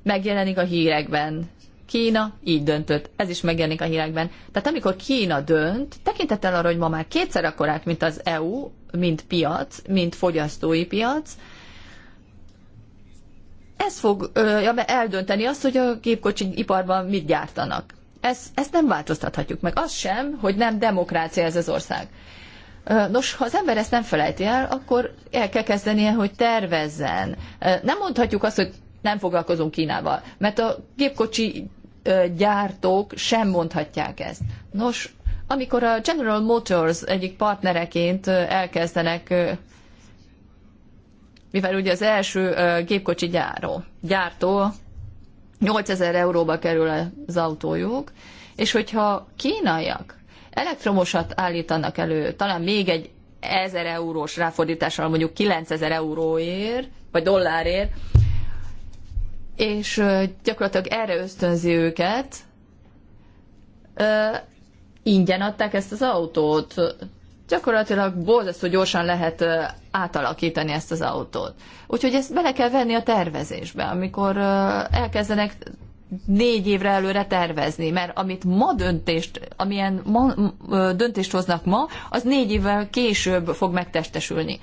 megjelenik a hírekben. Kína így döntött, ez is megjelenik a hírekben. Tehát amikor Kína dönt, tekintettel arra, hogy ma már kétszer akkorát, mint az EU, mint piac, mint fogyasztói piac, ez fog eldönteni azt, hogy a gépkocsi iparban mit gyártanak. Ez, ezt nem változtathatjuk meg. Az sem, hogy nem demokrácia ez az ország. Nos, ha az ember ezt nem felejti el, akkor el kell kezdenie, hogy tervezzen. Nem mondhatjuk azt, hogy nem foglalkozunk Kínával, mert a gépkocsi gyártók sem mondhatják ezt. Nos, amikor a General Motors egyik partnereként elkezdenek, mivel ugye az első gépkocsi gyáró, gyártó 8000 euróba kerül az autójuk, és hogyha kínaiak elektromosat állítanak elő, talán még egy 1000 eurós ráfordítással mondjuk 9000 euróért, vagy dollárért, és gyakorlatilag erre ösztönzi őket, ingyen adták ezt az autót. Gyakorlatilag borzasztó gyorsan lehet átalakítani ezt az autót. Úgyhogy ezt bele kell venni a tervezésbe, amikor elkezdenek négy évre előre tervezni, mert amit ma döntést, amilyen ma, döntést hoznak ma, az négy évvel később fog megtestesülni.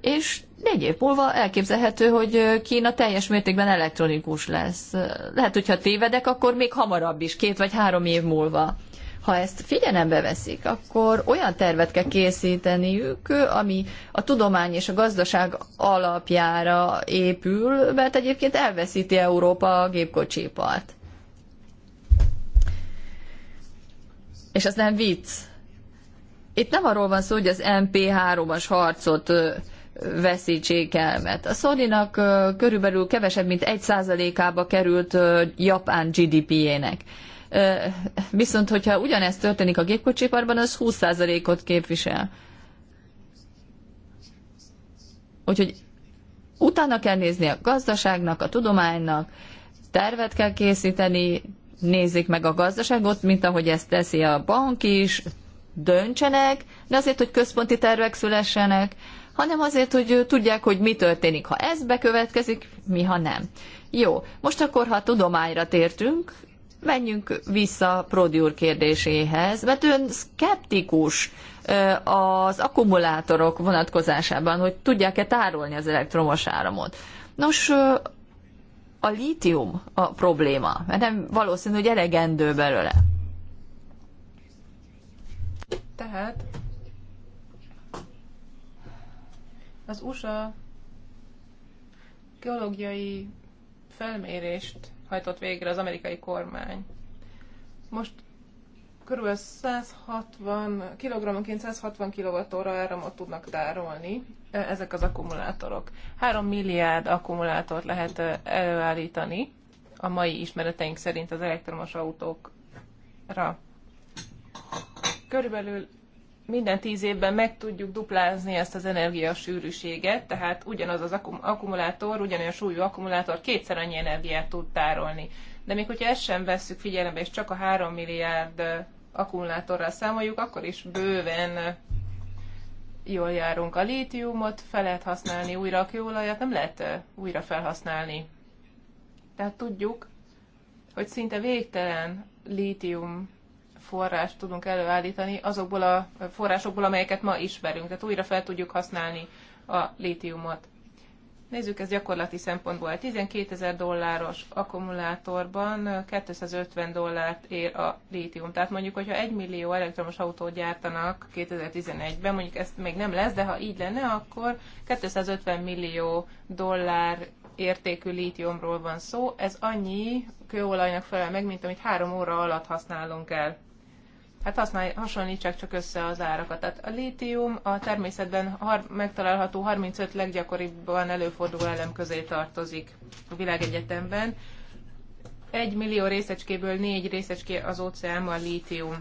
És négy év múlva elképzelhető, hogy Kína teljes mértékben elektronikus lesz. Lehet, hogyha tévedek, akkor még hamarabb is, két vagy három év múlva. Ha ezt figyelembe veszik, akkor olyan tervet kell készíteniük, ami a tudomány és a gazdaság alapjára épül, mert egyébként elveszíti Európa a gépkocsipart. És ez nem vicc. Itt nem arról van szó, hogy az MP3-as harcot veszítsék el, mert a sony körülbelül kevesebb, mint 1%-ába került Japán GDP-jének. Viszont, hogyha ugyanezt történik a gépkocsiparban, az 20%-ot képvisel. Úgyhogy utána kell nézni a gazdaságnak, a tudománynak, tervet kell készíteni, nézik meg a gazdaságot, mint ahogy ezt teszi a bank is, döntsenek, de azért, hogy központi tervek szülessenek, hanem azért, hogy tudják, hogy mi történik, ha ez bekövetkezik, mi ha nem. Jó, most akkor, ha tudományra tértünk, menjünk vissza Prodi úr kérdéséhez, mert ön szkeptikus az akkumulátorok vonatkozásában, hogy tudják-e tárolni az elektromos áramot. Nos, a lítium a probléma, mert nem valószínű, hogy elegendő belőle. Tehát az USA geológiai felmérést hajtott végre az amerikai kormány. Most körülbelül 160 kilogrammonként 160 kWh áramot tudnak tárolni e, ezek az akkumulátorok. 3 milliárd akkumulátort lehet e, előállítani a mai ismereteink szerint az elektromos autókra. Körülbelül minden tíz évben meg tudjuk duplázni ezt az energiasűrűséget, tehát ugyanaz az akkumulátor, ugyanolyan súlyú akkumulátor kétszer annyi energiát tud tárolni. De még hogyha ezt sem vesszük figyelembe, és csak a 3 milliárd akkumulátorral számoljuk, akkor is bőven jól járunk. A lítiumot fel lehet használni újra, a kőolajat nem lehet újra felhasználni. Tehát tudjuk, hogy szinte végtelen lítium forrást tudunk előállítani azokból a forrásokból, amelyeket ma ismerünk. Tehát újra fel tudjuk használni a lítiumot. Nézzük ez gyakorlati szempontból. 12 ezer dolláros akkumulátorban 250 dollárt ér a lítium. Tehát mondjuk, hogyha 1 millió elektromos autót gyártanak 2011-ben, mondjuk ezt még nem lesz, de ha így lenne, akkor 250 millió dollár értékű lítiumról van szó. Ez annyi kőolajnak felel meg, mint amit három óra alatt használunk el hát használj, hasonlítsák csak össze az árakat. Tehát a lítium a természetben har- megtalálható 35 leggyakoribban előforduló elem közé tartozik a világegyetemben. Egy millió részecskéből négy részecské az óceánban lítium.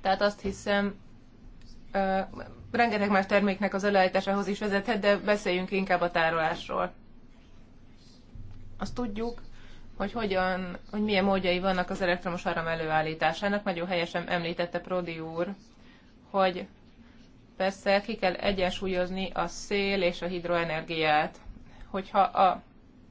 Tehát azt hiszem, ö, rengeteg más terméknek az előállításához is vezethet, de beszéljünk inkább a tárolásról. Azt tudjuk, hogy hogyan, hogy milyen módjai vannak az elektromos áram előállításának. Nagyon helyesen említette Prodi úr, hogy persze ki kell egyensúlyozni a szél és a hidroenergiát. Hogyha a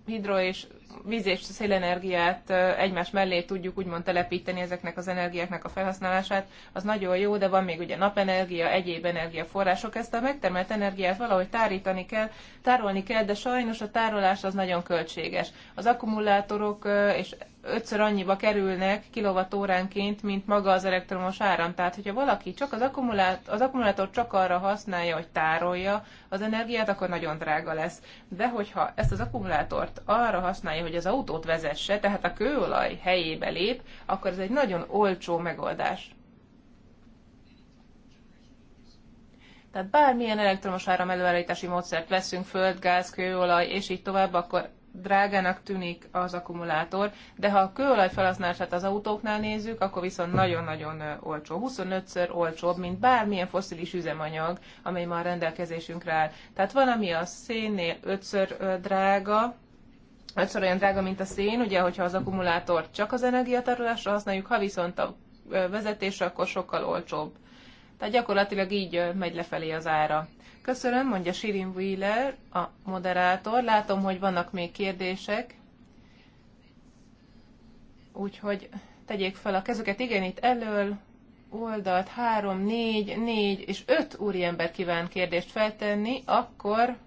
hidro és víz és szélenergiát egymás mellé tudjuk úgymond telepíteni ezeknek az energiáknak a felhasználását, az nagyon jó, de van még ugye napenergia, egyéb energiaforrások, ezt a megtermelt energiát valahogy tárítani kell, tárolni kell, de sajnos a tárolás az nagyon költséges. Az akkumulátorok és ötször annyiba kerülnek kilovatóránként, mint maga az elektromos áram. Tehát, hogyha valaki csak az, akkumulát, az akkumulátor csak arra használja, hogy tárolja az energiát, akkor nagyon drága lesz. De hogyha ezt az akkumulátort arra használja, hogy az autót vezesse, tehát a kőolaj helyébe lép, akkor ez egy nagyon olcsó megoldás. Tehát bármilyen elektromos áram előállítási módszert veszünk, föld, gáz, kőolaj, és így tovább, akkor drágának tűnik az akkumulátor, de ha a kőolaj felhasználását az autóknál nézzük, akkor viszont nagyon-nagyon olcsó. 25-ször olcsóbb, mint bármilyen foszilis üzemanyag, amely már rendelkezésünkre áll. Tehát van, ami a szénnél 5-ször drága, ötször olyan drága, mint a szén, ugye, hogyha az akkumulátort csak az energiatárolásra használjuk, ha viszont a vezetésre, akkor sokkal olcsóbb. Tehát gyakorlatilag így megy lefelé az ára. Köszönöm, mondja Sirin Wheeler, a moderátor. Látom, hogy vannak még kérdések, úgyhogy tegyék fel a kezüket. Igen, itt elől oldalt 3, 4, 4 és 5 úriember kíván kérdést feltenni, akkor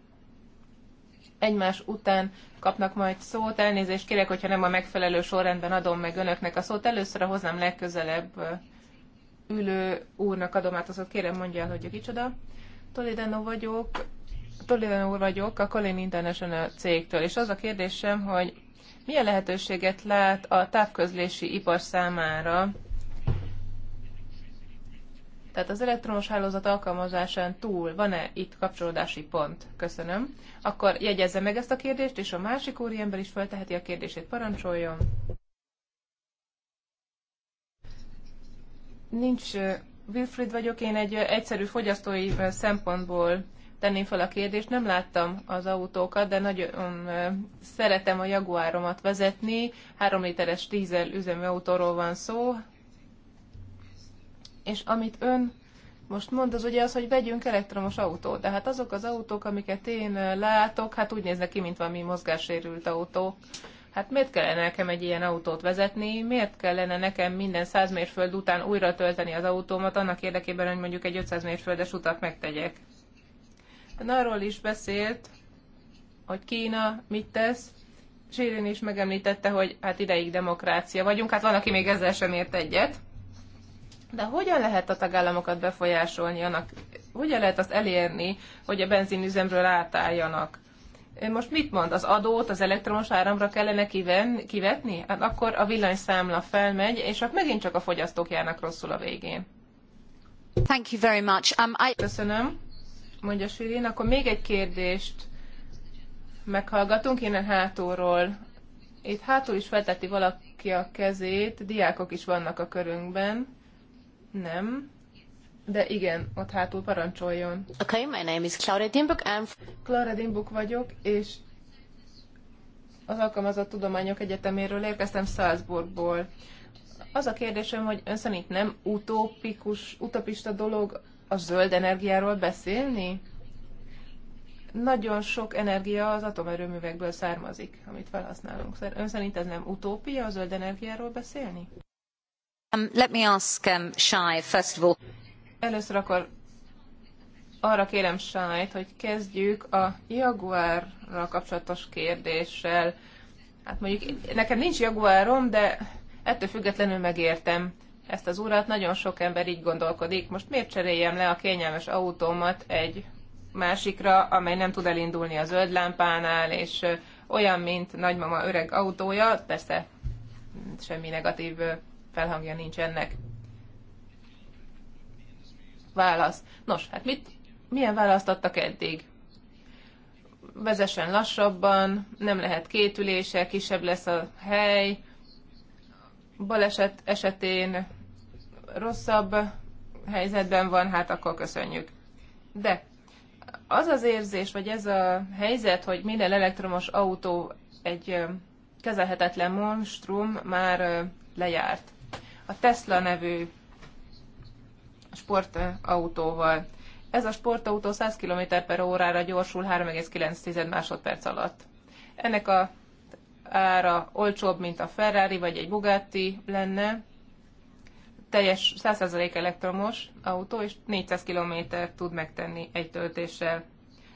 egymás után kapnak majd szót. Elnézést kérek, hogyha nem a megfelelő sorrendben adom meg önöknek a szót. Először a hozzám legközelebb ülő úrnak adom át, azt kérem mondja el, hogy a kicsoda. Tolidano vagyok, Tolidano úr vagyok a Colin International cégtől, és az a kérdésem, hogy milyen lehetőséget lát a távközlési ipar számára, tehát az elektromos hálózat alkalmazásán túl van-e itt kapcsolódási pont? Köszönöm. Akkor jegyezze meg ezt a kérdést, és a másik úriember is felteheti a kérdését. Parancsoljon. Nincs Wilfried vagyok, én egy egyszerű fogyasztói szempontból tenném fel a kérdést. Nem láttam az autókat, de nagyon szeretem a Jaguáromat vezetni. Három literes dízel üzemű autóról van szó. És amit ön most mond, az ugye az, hogy vegyünk elektromos autót. De hát azok az autók, amiket én látok, hát úgy néznek ki, mint valami mozgássérült autók hát miért kellene nekem egy ilyen autót vezetni, miért kellene nekem minden 100 mérföld után újra tölteni az autómat annak érdekében, hogy mondjuk egy 500 mérföldes utat megtegyek. Hát arról is beszélt, hogy Kína mit tesz, Sérén is megemlítette, hogy hát ideig demokrácia vagyunk, hát van, aki még ezzel sem ért egyet. De hogyan lehet a tagállamokat befolyásolni, annak, hogyan lehet azt elérni, hogy a benzinüzemről átálljanak? most mit mond? Az adót az elektromos áramra kellene kiven, kivetni? Hát akkor a villanyszámla felmegy, és akkor megint csak a fogyasztók járnak rosszul a végén. Thank you very much. Um, I... Köszönöm, mondja Sirin. Akkor még egy kérdést meghallgatunk innen hátulról. Itt hátul is felteti valaki a kezét, diákok is vannak a körünkben. Nem. De igen, ott hátul parancsoljon. Okay, my name is Claudia Dimbuk. I'm... Claudia Dimbuk vagyok, és az Alkalmazott Tudományok Egyeteméről érkeztem Salzburgból. Az a kérdésem, hogy ön szerint nem utópikus, utopista dolog a zöld energiáról beszélni? Nagyon sok energia az atomerőművekből származik, amit felhasználunk. Ön szerint ez nem utópia a zöld energiáról beszélni? Um, let me ask um, Shai, first of all. Először akkor arra kérem Sájt, hogy kezdjük a Jaguárral kapcsolatos kérdéssel. Hát mondjuk nekem nincs Jaguárom, de ettől függetlenül megértem ezt az urat. Nagyon sok ember így gondolkodik. Most miért cseréljem le a kényelmes autómat egy másikra, amely nem tud elindulni a zöld lámpánál, és olyan, mint nagymama öreg autója, persze semmi negatív felhangja nincs ennek válasz. Nos, hát mit, milyen választ adtak eddig? Vezessen lassabban, nem lehet két ülése, kisebb lesz a hely, baleset esetén rosszabb helyzetben van, hát akkor köszönjük. De az az érzés, vagy ez a helyzet, hogy minden elektromos autó egy kezelhetetlen monstrum már lejárt. A Tesla nevű sportautóval. Ez a sportautó 100 km per órára gyorsul 3,9 másodperc alatt. Ennek a ára olcsóbb, mint a Ferrari vagy egy Bugatti lenne, teljes 100% elektromos autó, és 400 km tud megtenni egy töltéssel.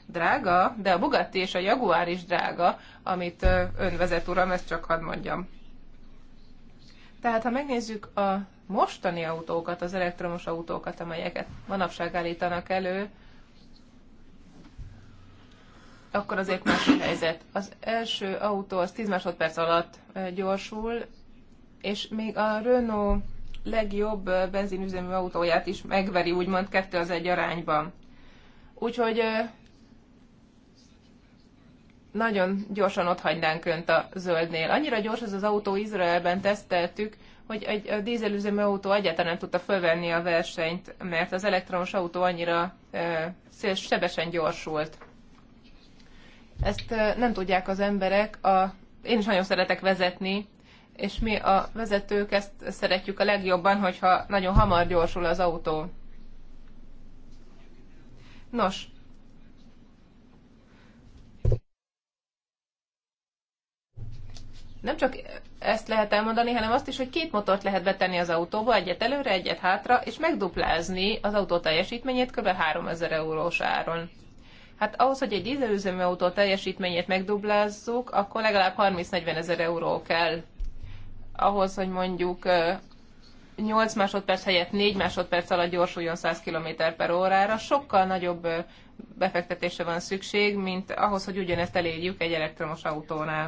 Drága, de a Bugatti és a Jaguar is drága, amit ön vezet, uram, ezt csak hadd mondjam. Tehát, ha megnézzük a mostani autókat, az elektromos autókat, amelyeket manapság állítanak elő, akkor azért más a helyzet. Az első autó az 10 másodperc alatt gyorsul, és még a Renault legjobb benzinüzemű autóját is megveri, úgymond kettő az egy arányban. Úgyhogy nagyon gyorsan ott hagynánk önt a zöldnél. Annyira gyors az az autó, Izraelben teszteltük, hogy egy a dízelüzemű autó egyáltalán nem tudta fölvenni a versenyt, mert az elektromos autó annyira e, sebesen gyorsult. Ezt e, nem tudják az emberek. A, én is nagyon szeretek vezetni, és mi a vezetők ezt szeretjük a legjobban, hogyha nagyon hamar gyorsul az autó. Nos, nem csak ezt lehet elmondani, hanem azt is, hogy két motort lehet betenni az autóba, egyet előre, egyet hátra, és megduplázni az autó teljesítményét kb. 3000 eurós áron. Hát ahhoz, hogy egy időüzemű autó teljesítményét megduplázzuk, akkor legalább 30-40 ezer euró kell. Ahhoz, hogy mondjuk 8 másodperc helyett 4 másodperc alatt gyorsuljon 100 km per órára, sokkal nagyobb befektetése van szükség, mint ahhoz, hogy ugyanezt elérjük egy elektromos autónál.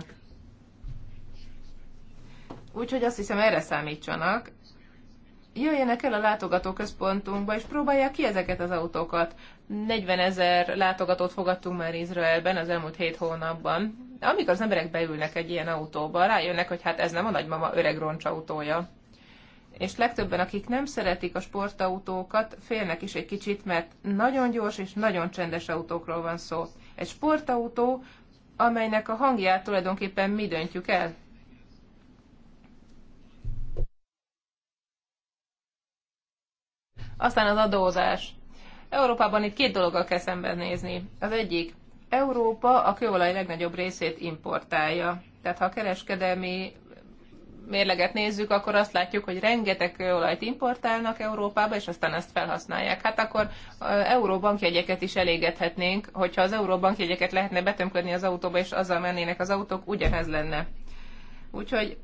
Úgyhogy azt hiszem erre számítsanak. Jöjjenek el a látogatóközpontunkba, és próbálják ki ezeket az autókat. 40 ezer látogatót fogadtunk már Izraelben az elmúlt 7 hónapban. De amikor az emberek beülnek egy ilyen autóba, rájönnek, hogy hát ez nem a nagymama öreg roncs autója. És legtöbben, akik nem szeretik a sportautókat, félnek is egy kicsit, mert nagyon gyors és nagyon csendes autókról van szó. Egy sportautó, amelynek a hangját tulajdonképpen mi döntjük el, Aztán az adózás. Európában itt két dologgal kell szembenézni. Az egyik, Európa a kőolaj legnagyobb részét importálja. Tehát ha a kereskedelmi mérleget nézzük, akkor azt látjuk, hogy rengeteg olajt importálnak Európába, és aztán ezt felhasználják. Hát akkor euróbankjegyeket is elégethetnénk, hogyha az euróbankjegyeket lehetne betömködni az autóba, és azzal mennének az autók, ugyanez lenne. Úgyhogy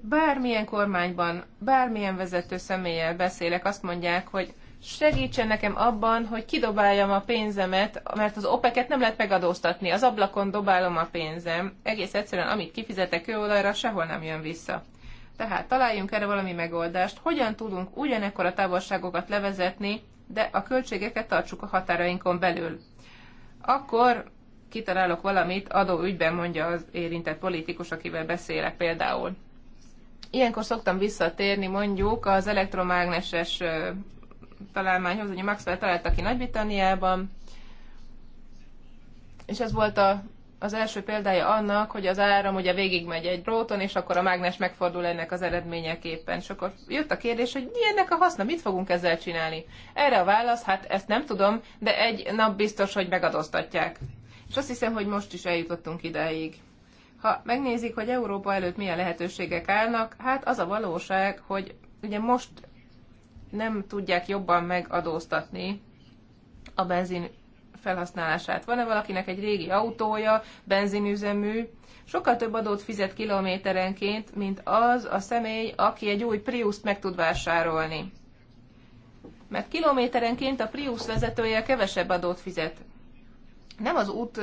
bármilyen kormányban, bármilyen vezető személlyel beszélek, azt mondják, hogy segítsen nekem abban, hogy kidobáljam a pénzemet, mert az OPEC-et nem lehet megadóztatni. Az ablakon dobálom a pénzem. Egész egyszerűen, amit kifizetek kőolajra, sehol nem jön vissza. Tehát találjunk erre valami megoldást, hogyan tudunk ugyanekkor a távolságokat levezetni, de a költségeket tartsuk a határainkon belül. Akkor kitalálok valamit Adó ügyben mondja az érintett politikus, akivel beszélek például. Ilyenkor szoktam visszatérni mondjuk az elektromágneses találmányhoz, hogy Maxwell talált ki Nagy-Britanniában, és ez volt a, az első példája annak, hogy az áram ugye végigmegy egy dróton, és akkor a mágnes megfordul ennek az eredményeképpen. És akkor jött a kérdés, hogy mi ennek a haszna, mit fogunk ezzel csinálni? Erre a válasz, hát ezt nem tudom, de egy nap biztos, hogy megadóztatják. És azt hiszem, hogy most is eljutottunk ideig. Ha megnézik, hogy Európa előtt milyen lehetőségek állnak, hát az a valóság, hogy ugye most nem tudják jobban megadóztatni a benzin felhasználását. Van-e valakinek egy régi autója, benzinüzemű, sokkal több adót fizet kilométerenként, mint az a személy, aki egy új Prius-t meg tud vásárolni. Mert kilométerenként a Prius vezetője kevesebb adót fizet nem az út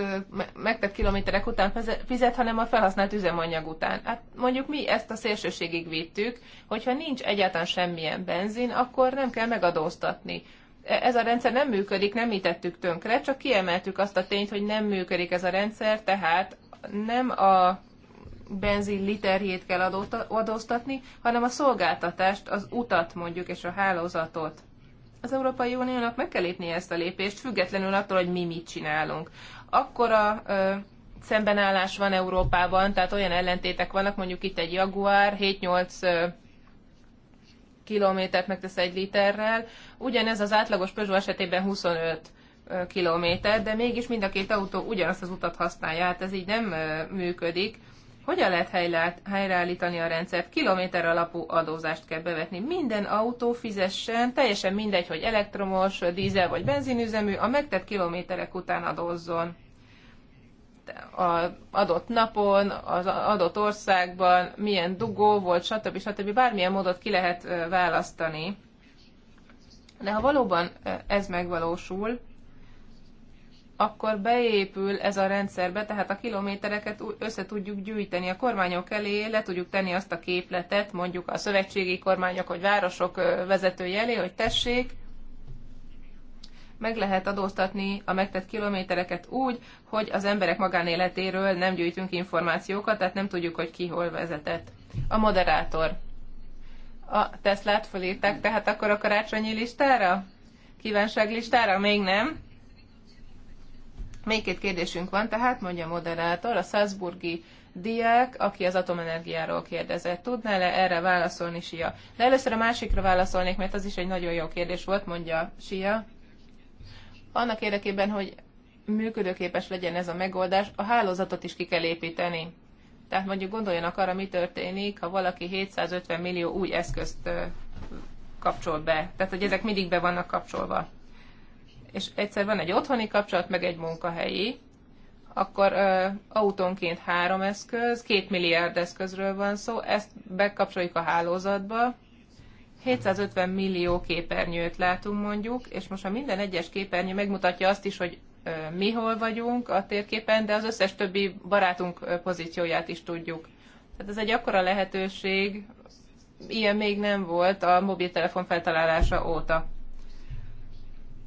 megtett kilométerek után fizet, hanem a felhasznált üzemanyag után. Hát mondjuk mi ezt a szélsőségig vittük, hogyha nincs egyáltalán semmilyen benzin, akkor nem kell megadóztatni. E-, ez a rendszer nem működik, nem mi tettük tönkre, csak kiemeltük azt a tényt, hogy nem működik ez a rendszer, tehát nem a benzin literjét kell adóztatni, hanem a szolgáltatást, az utat mondjuk és a hálózatot az Európai Uniónak meg kell lépnie ezt a lépést, függetlenül attól, hogy mi mit csinálunk. akkor ö, szembenállás van Európában, tehát olyan ellentétek vannak, mondjuk itt egy Jaguar 7-8 kilométert megtesz egy literrel, ugyanez az átlagos Peugeot esetében 25 kilométer, de mégis mind a két autó ugyanazt az utat használja, hát ez így nem működik. Hogyan lehet helyreállítani a rendszert? Kilométer alapú adózást kell bevetni. Minden autó fizessen, teljesen mindegy, hogy elektromos, dízel vagy benzinüzemű, a megtett kilométerek után adózzon a adott napon, az adott országban, milyen dugó volt, stb. stb. Bármilyen módot ki lehet választani. De ha valóban ez megvalósul, akkor beépül ez a rendszerbe, tehát a kilométereket össze tudjuk gyűjteni a kormányok elé, le tudjuk tenni azt a képletet, mondjuk a szövetségi kormányok vagy városok vezetői elé, hogy tessék, meg lehet adóztatni a megtett kilométereket úgy, hogy az emberek magánéletéről nem gyűjtünk információkat, tehát nem tudjuk, hogy ki hol vezetett. A moderátor. A Teslát fölírták, tehát akkor a karácsonyi listára? Kívánság listára? Még nem. Még két kérdésünk van, tehát mondja a moderátor, a Salzburgi diák, aki az atomenergiáról kérdezett. tudná le erre válaszolni Sia? De először a másikra válaszolnék, mert az is egy nagyon jó kérdés volt, mondja Sia. Annak érdekében, hogy működőképes legyen ez a megoldás, a hálózatot is ki kell építeni. Tehát mondjuk gondoljanak arra, mi történik, ha valaki 750 millió új eszközt kapcsol be. Tehát, hogy ezek mindig be vannak kapcsolva és egyszer van egy otthoni kapcsolat, meg egy munkahelyi, akkor ö, autónként három eszköz, két milliárd eszközről van szó, ezt bekapcsoljuk a hálózatba, 750 millió képernyőt látunk mondjuk, és most a minden egyes képernyő megmutatja azt is, hogy ö, mi hol vagyunk a térképen, de az összes többi barátunk pozícióját is tudjuk. Tehát ez egy akkora lehetőség, ilyen még nem volt a mobiltelefon feltalálása óta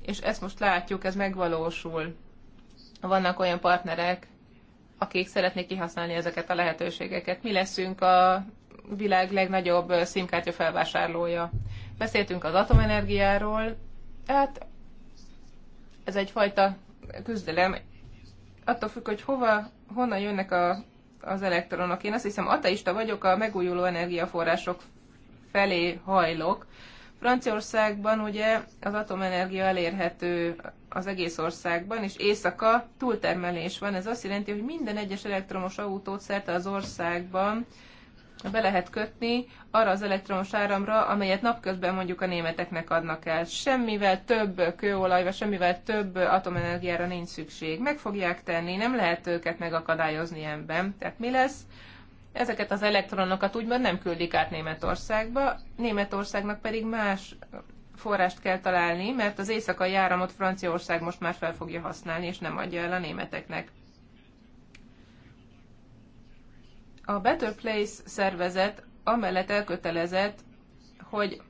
és ezt most látjuk, ez megvalósul. Vannak olyan partnerek, akik szeretnék kihasználni ezeket a lehetőségeket. Mi leszünk a világ legnagyobb szimkártya felvásárlója. Beszéltünk az atomenergiáról, hát ez egyfajta küzdelem. Attól függ, hogy hova, honnan jönnek a, az elektronok. Én azt hiszem, ateista vagyok, a megújuló energiaforrások felé hajlok, Franciaországban ugye az atomenergia elérhető az egész országban, és éjszaka túltermelés van. Ez azt jelenti, hogy minden egyes elektromos autót szerte az országban be lehet kötni arra az elektromos áramra, amelyet napközben mondjuk a németeknek adnak el. Semmivel több vagy semmivel több atomenergiára nincs szükség. Meg fogják tenni, nem lehet őket megakadályozni ebben. Tehát mi lesz? ezeket az elektronokat úgymond nem küldik át Németországba, Németországnak pedig más forrást kell találni, mert az éjszakai áramot Franciaország most már fel fogja használni, és nem adja el a németeknek. A Better Place szervezet amellett elkötelezett, hogy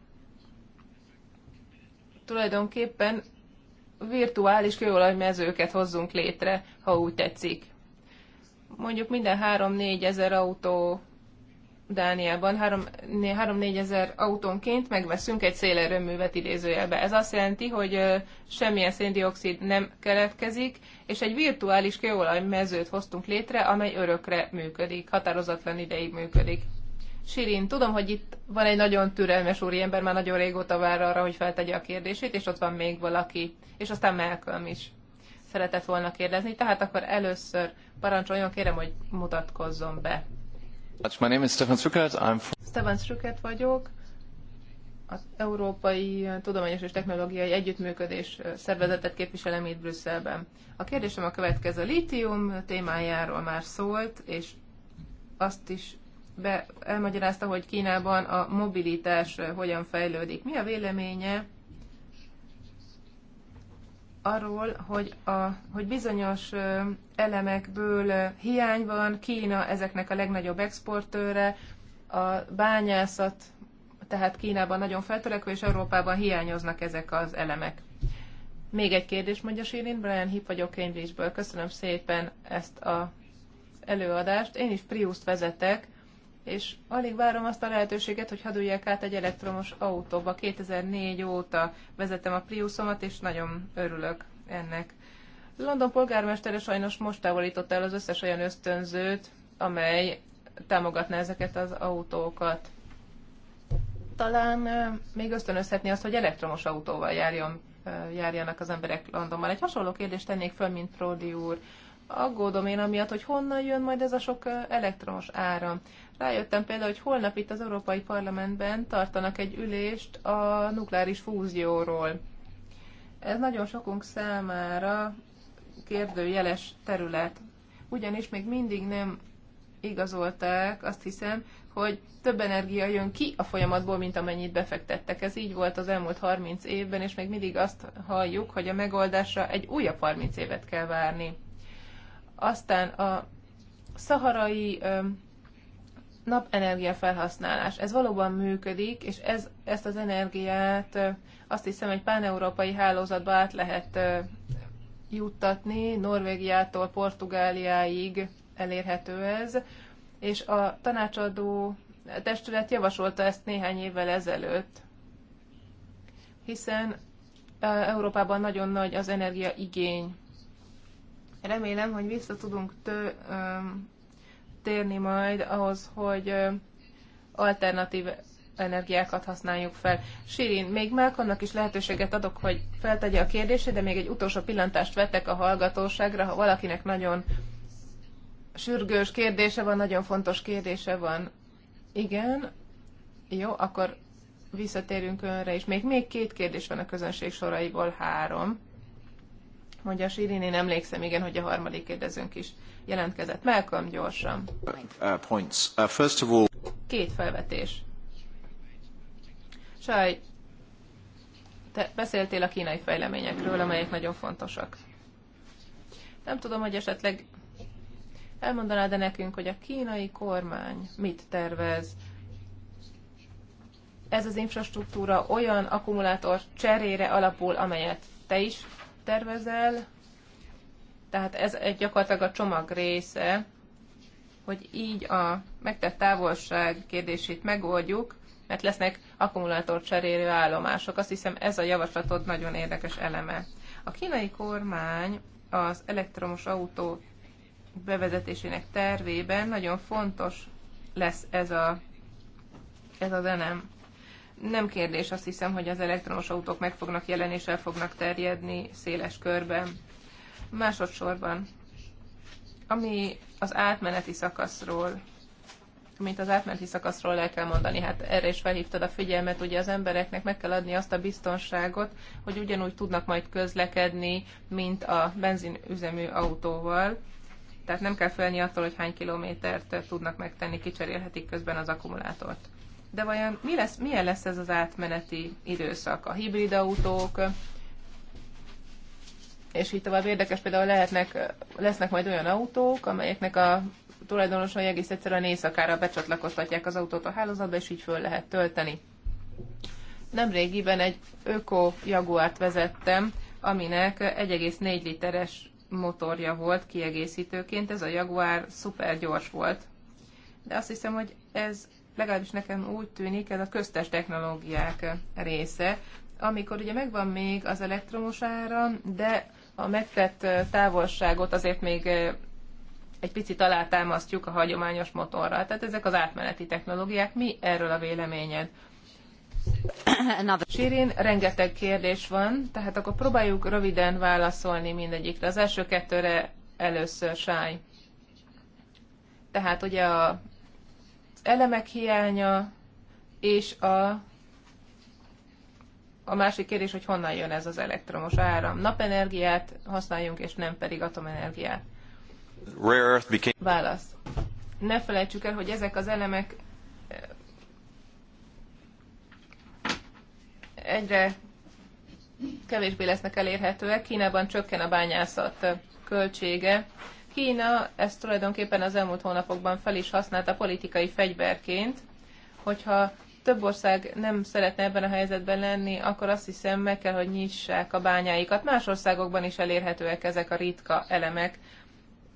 tulajdonképpen virtuális kőolajmezőket hozzunk létre, ha úgy tetszik mondjuk minden 3-4 ezer autó Dániában 3-4 ezer autónként megveszünk egy szélerőművet idézőjelbe. Ez azt jelenti, hogy semmilyen széndiokszid nem keletkezik, és egy virtuális kőolajmezőt hoztunk létre, amely örökre működik, határozatlan ideig működik. Sirin, tudom, hogy itt van egy nagyon türelmes úriember, már nagyon régóta vár arra, hogy feltegye a kérdését, és ott van még valaki, és aztán Malcolm is szeretett volna kérdezni, tehát akkor először parancsoljon, kérem, hogy mutatkozzon be. My name is Stefan Struckert. I'm Stefan Struckert vagyok, az Európai Tudományos és Technológiai Együttműködés szervezetet képviselem itt Brüsszelben. A kérdésem a következő. Lítium témájáról már szólt, és azt is be, elmagyarázta, hogy Kínában a mobilitás hogyan fejlődik. Mi a véleménye arról, hogy, a, hogy bizonyos elemekből hiány van, Kína ezeknek a legnagyobb exportőre, a bányászat, tehát Kínában nagyon feltörekvő, és Európában hiányoznak ezek az elemek. Még egy kérdés mondja Sirin, Brian Hip vagyok Cambridge-ből. Köszönöm szépen ezt az előadást. Én is Priuszt vezetek, és alig várom azt a lehetőséget, hogy hadulják át egy elektromos autóba. 2004 óta vezetem a Priusomat, és nagyon örülök ennek. London polgármestere sajnos most távolította el az összes olyan ösztönzőt, amely támogatná ezeket az autókat. Talán még ösztönözhetni azt, hogy elektromos autóval járjon, járjanak az emberek Londonban. Egy hasonló kérdést tennék föl, mint Prodi úr aggódom én amiatt, hogy honnan jön majd ez a sok elektromos áram. Rájöttem például, hogy holnap itt az Európai Parlamentben tartanak egy ülést a nukleáris fúzióról. Ez nagyon sokunk számára kérdőjeles terület, ugyanis még mindig nem igazolták, azt hiszem, hogy több energia jön ki a folyamatból, mint amennyit befektettek. Ez így volt az elmúlt 30 évben, és még mindig azt halljuk, hogy a megoldásra egy újabb 30 évet kell várni. Aztán a szaharai napenergia felhasználás. Ez valóban működik, és ez, ezt az energiát azt hiszem egy páneurópai hálózatba át lehet juttatni, Norvégiától Portugáliáig elérhető ez, és a tanácsadó testület javasolta ezt néhány évvel ezelőtt, hiszen Európában nagyon nagy az energiaigény. Remélem, hogy vissza tudunk tő, térni majd ahhoz, hogy alternatív energiákat használjuk fel. Sirin, még Malcolmnak is lehetőséget adok, hogy feltegye a kérdését, de még egy utolsó pillantást vettek a hallgatóságra, ha valakinek nagyon sürgős kérdése van, nagyon fontos kérdése van. Igen, jó, akkor visszatérünk önre is. Még, még két kérdés van a közönség soraiból, három. Mondja Sirin, én emlékszem, igen, hogy a harmadik kérdezünk is jelentkezett. Malcolm, gyorsan. Uh, uh, Két felvetés. Saj, te beszéltél a kínai fejleményekről, amelyek nagyon fontosak. Nem tudom, hogy esetleg elmondanád-e nekünk, hogy a kínai kormány mit tervez, ez az infrastruktúra olyan akkumulátor cserére alapul, amelyet te is tervezel, tehát ez egy gyakorlatilag a csomag része, hogy így a megtett távolság kérdését megoldjuk, mert lesznek akkumulátor cserélő állomások. Azt hiszem ez a javaslatod nagyon érdekes eleme. A kínai kormány az elektromos autó bevezetésének tervében nagyon fontos lesz ez, a, ez az enem. Nem kérdés, azt hiszem, hogy az elektromos autók meg fognak jelenni és el fognak terjedni széles körben. Másodszorban, ami az átmeneti szakaszról, amit az átmeneti szakaszról el kell mondani, hát erre is felhívtad a figyelmet, ugye az embereknek meg kell adni azt a biztonságot, hogy ugyanúgy tudnak majd közlekedni, mint a benzinüzemű autóval, tehát nem kell felni attól, hogy hány kilométert tudnak megtenni, kicserélhetik közben az akkumulátort. De vajon mi lesz, milyen lesz ez az átmeneti időszak? A hibrid autók és így tovább érdekes például lehetnek, lesznek majd olyan autók, amelyeknek a tulajdonosai egész egyszerűen éjszakára becsatlakoztatják az autót a hálózatba, és így föl lehet tölteni. Nemrégiben egy öko jaguárt vezettem, aminek 1,4 literes motorja volt kiegészítőként, ez a Jaguar szuper gyors volt. De azt hiszem, hogy ez legalábbis nekem úgy tűnik, ez a köztes technológiák része, amikor ugye megvan még az elektromos áram, de a megtett távolságot azért még egy picit alátámasztjuk a hagyományos motorral. Tehát ezek az átmeneti technológiák. Mi erről a véleményed? Sirin, rengeteg kérdés van, tehát akkor próbáljuk röviden válaszolni mindegyikre. Az első kettőre először Sáj. Tehát ugye a elemek hiánya és a a másik kérdés, hogy honnan jön ez az elektromos áram. Napenergiát használjunk, és nem pedig atomenergiát. Válasz. Ne felejtsük el, hogy ezek az elemek eh, egyre kevésbé lesznek elérhetőek. Kínában csökken a bányászat költsége. Kína ezt tulajdonképpen az elmúlt hónapokban fel is használta politikai fegyverként, hogyha több ország nem szeretne ebben a helyzetben lenni, akkor azt hiszem meg kell, hogy nyissák a bányáikat. Más országokban is elérhetőek ezek a ritka elemek.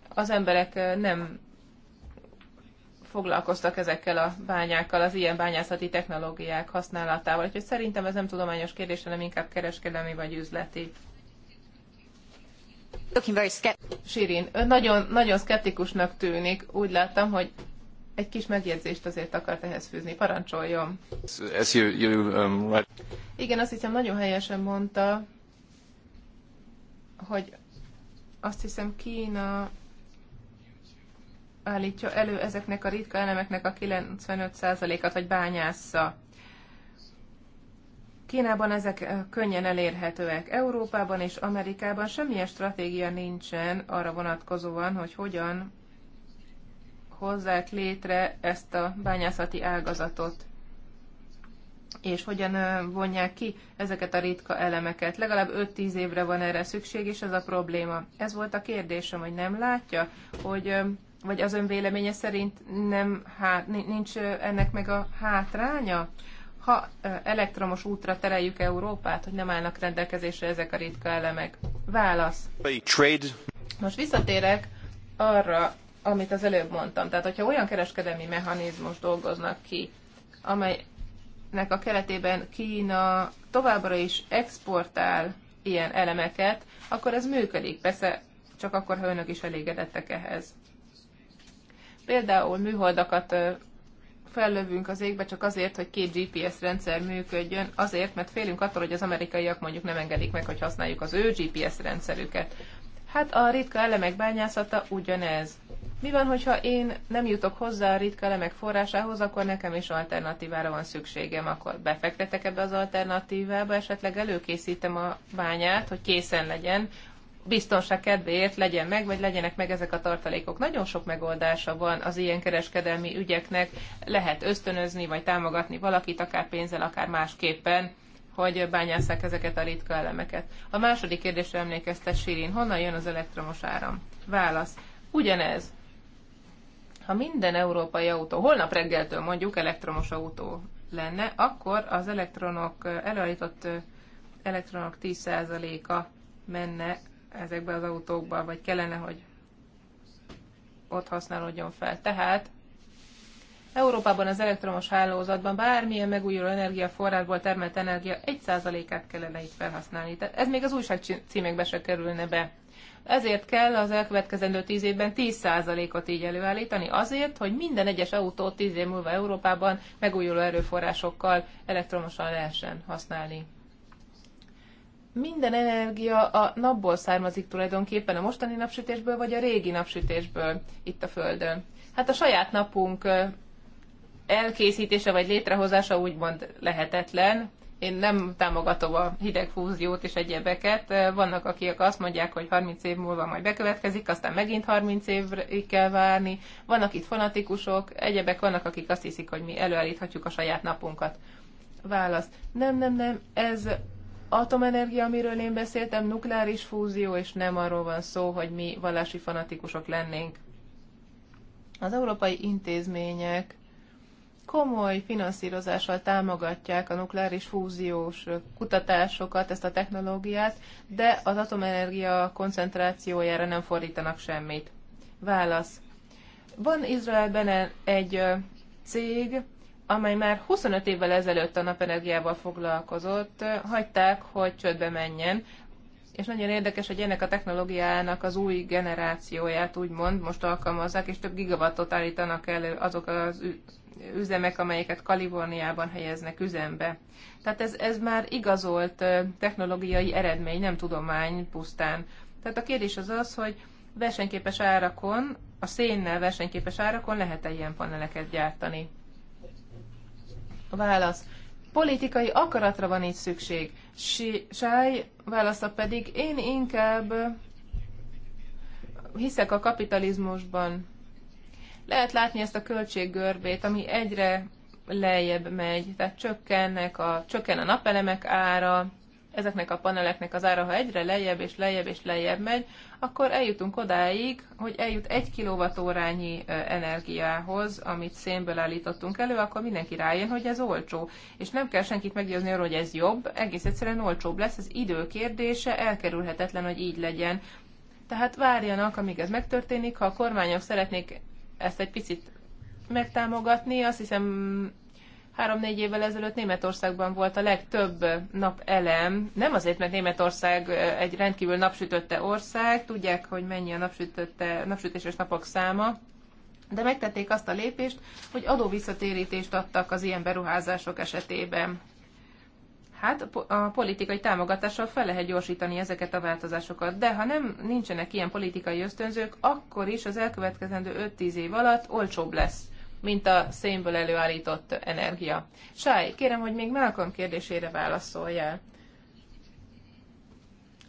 Az emberek nem foglalkoztak ezekkel a bányákkal, az ilyen bányászati technológiák használatával. Úgyhogy szerintem ez nem tudományos kérdés, hanem inkább kereskedelmi vagy üzleti. Sirin, nagyon, nagyon szkeptikusnak tűnik. Úgy láttam, hogy egy kis megjegyzést azért akart ehhez fűzni. Parancsoljon! you, you, um, right. Igen, azt hiszem nagyon helyesen mondta, hogy azt hiszem Kína állítja elő ezeknek a ritka elemeknek a 95%-at, vagy bányásza. Kínában ezek eh, könnyen elérhetőek. Európában és Amerikában semmilyen stratégia nincsen arra vonatkozóan, hogy hogyan hozzák létre ezt a bányászati ágazatot és hogyan vonják ki ezeket a ritka elemeket. Legalább 5-10 évre van erre szükség, és ez a probléma. Ez volt a kérdésem, hogy nem látja, hogy vagy az ön véleménye szerint nem, hát, nincs ennek meg a hátránya, ha elektromos útra tereljük Európát, hogy nem állnak rendelkezésre ezek a ritka elemek? Válasz. Most visszatérek arra amit az előbb mondtam. Tehát, hogyha olyan kereskedelmi mechanizmus dolgoznak ki, amelynek a keretében Kína továbbra is exportál ilyen elemeket, akkor ez működik. Persze csak akkor, ha önök is elégedettek ehhez. Például műholdakat fellövünk az égbe csak azért, hogy két GPS rendszer működjön, azért, mert félünk attól, hogy az amerikaiak mondjuk nem engedik meg, hogy használjuk az ő GPS rendszerüket. Hát a ritka elemek bányászata ugyanez. Mi van, hogyha én nem jutok hozzá a ritka elemek forrásához, akkor nekem is alternatívára van szükségem, akkor befektetek ebbe az alternatívába, esetleg előkészítem a bányát, hogy készen legyen, biztonság kedvéért legyen meg, vagy legyenek meg ezek a tartalékok. Nagyon sok megoldása van az ilyen kereskedelmi ügyeknek, lehet ösztönözni, vagy támogatni valakit, akár pénzzel, akár másképpen hogy bányásszák ezeket a ritka elemeket. A második kérdésre emlékeztet Sirin, honnan jön az elektromos áram? Válasz Ugyanez. Ha minden európai autó, holnap reggeltől mondjuk elektromos autó lenne, akkor az elektronok, előállított elektronok 10%-a menne ezekbe az autókba, vagy kellene, hogy ott használódjon fel. Tehát Európában az elektromos hálózatban bármilyen megújuló energiaforrásból termelt energia 1%-át kellene itt felhasználni. Tehát ez még az újság címekbe se kerülne be. Ezért kell az elkövetkezendő tíz évben 10%-ot így előállítani, azért, hogy minden egyes autó tíz év múlva Európában megújuló erőforrásokkal elektromosan lehessen használni. Minden energia a napból származik tulajdonképpen, a mostani napsütésből vagy a régi napsütésből itt a Földön. Hát a saját napunk elkészítése vagy létrehozása úgymond lehetetlen, én nem támogatom a hidegfúziót és egyebeket. Vannak, akik azt mondják, hogy 30 év múlva majd bekövetkezik, aztán megint 30 évig kell várni. Vannak itt fanatikusok, egyebek vannak, akik azt hiszik, hogy mi előállíthatjuk a saját napunkat. Válasz. Nem, nem, nem, ez atomenergia, amiről én beszéltem, nukleáris fúzió, és nem arról van szó, hogy mi vallási fanatikusok lennénk. Az európai intézmények komoly finanszírozással támogatják a nukleáris fúziós kutatásokat, ezt a technológiát, de az atomenergia koncentrációjára nem fordítanak semmit. Válasz. Van Izraelben e- egy cég, amely már 25 évvel ezelőtt a napenergiával foglalkozott, hagyták, hogy csődbe menjen, és nagyon érdekes, hogy ennek a technológiának az új generációját úgymond most alkalmazzák, és több gigawattot állítanak elő azok az üzemek, amelyeket Kaliforniában helyeznek üzembe. Tehát ez, ez már igazolt technológiai eredmény, nem tudomány pusztán. Tehát a kérdés az az, hogy versenyképes árakon, a szénnel versenyképes árakon lehet-e ilyen paneleket gyártani? válasz. Politikai akaratra van itt szükség. sáj válasza pedig én inkább hiszek a kapitalizmusban. Lehet látni ezt a költséggörbét, ami egyre lejjebb megy, tehát csökkennek a, csökken a napelemek ára, ezeknek a paneleknek az ára, ha egyre lejjebb és lejjebb és lejjebb megy, akkor eljutunk odáig, hogy eljut egy kilovatórányi energiához, amit szénből állítottunk elő, akkor mindenki rájön, hogy ez olcsó. És nem kell senkit meggyőzni arról, hogy ez jobb, egész egyszerűen olcsóbb lesz, ez idő kérdése, elkerülhetetlen, hogy így legyen. Tehát várjanak, amíg ez megtörténik, ha a kormányok szeretnék ezt egy picit megtámogatni. Azt hiszem, három-négy évvel ezelőtt Németországban volt a legtöbb napelem. Nem azért, mert Németország egy rendkívül napsütötte ország, tudják, hogy mennyi a napsütötte, napsütéses napok száma, de megtették azt a lépést, hogy adóvisszatérítést adtak az ilyen beruházások esetében hát a politikai támogatással fel lehet gyorsítani ezeket a változásokat. De ha nem nincsenek ilyen politikai ösztönzők, akkor is az elkövetkezendő 5-10 év alatt olcsóbb lesz mint a szénből előállított energia. Sáj, kérem, hogy még Malcolm kérdésére válaszoljál.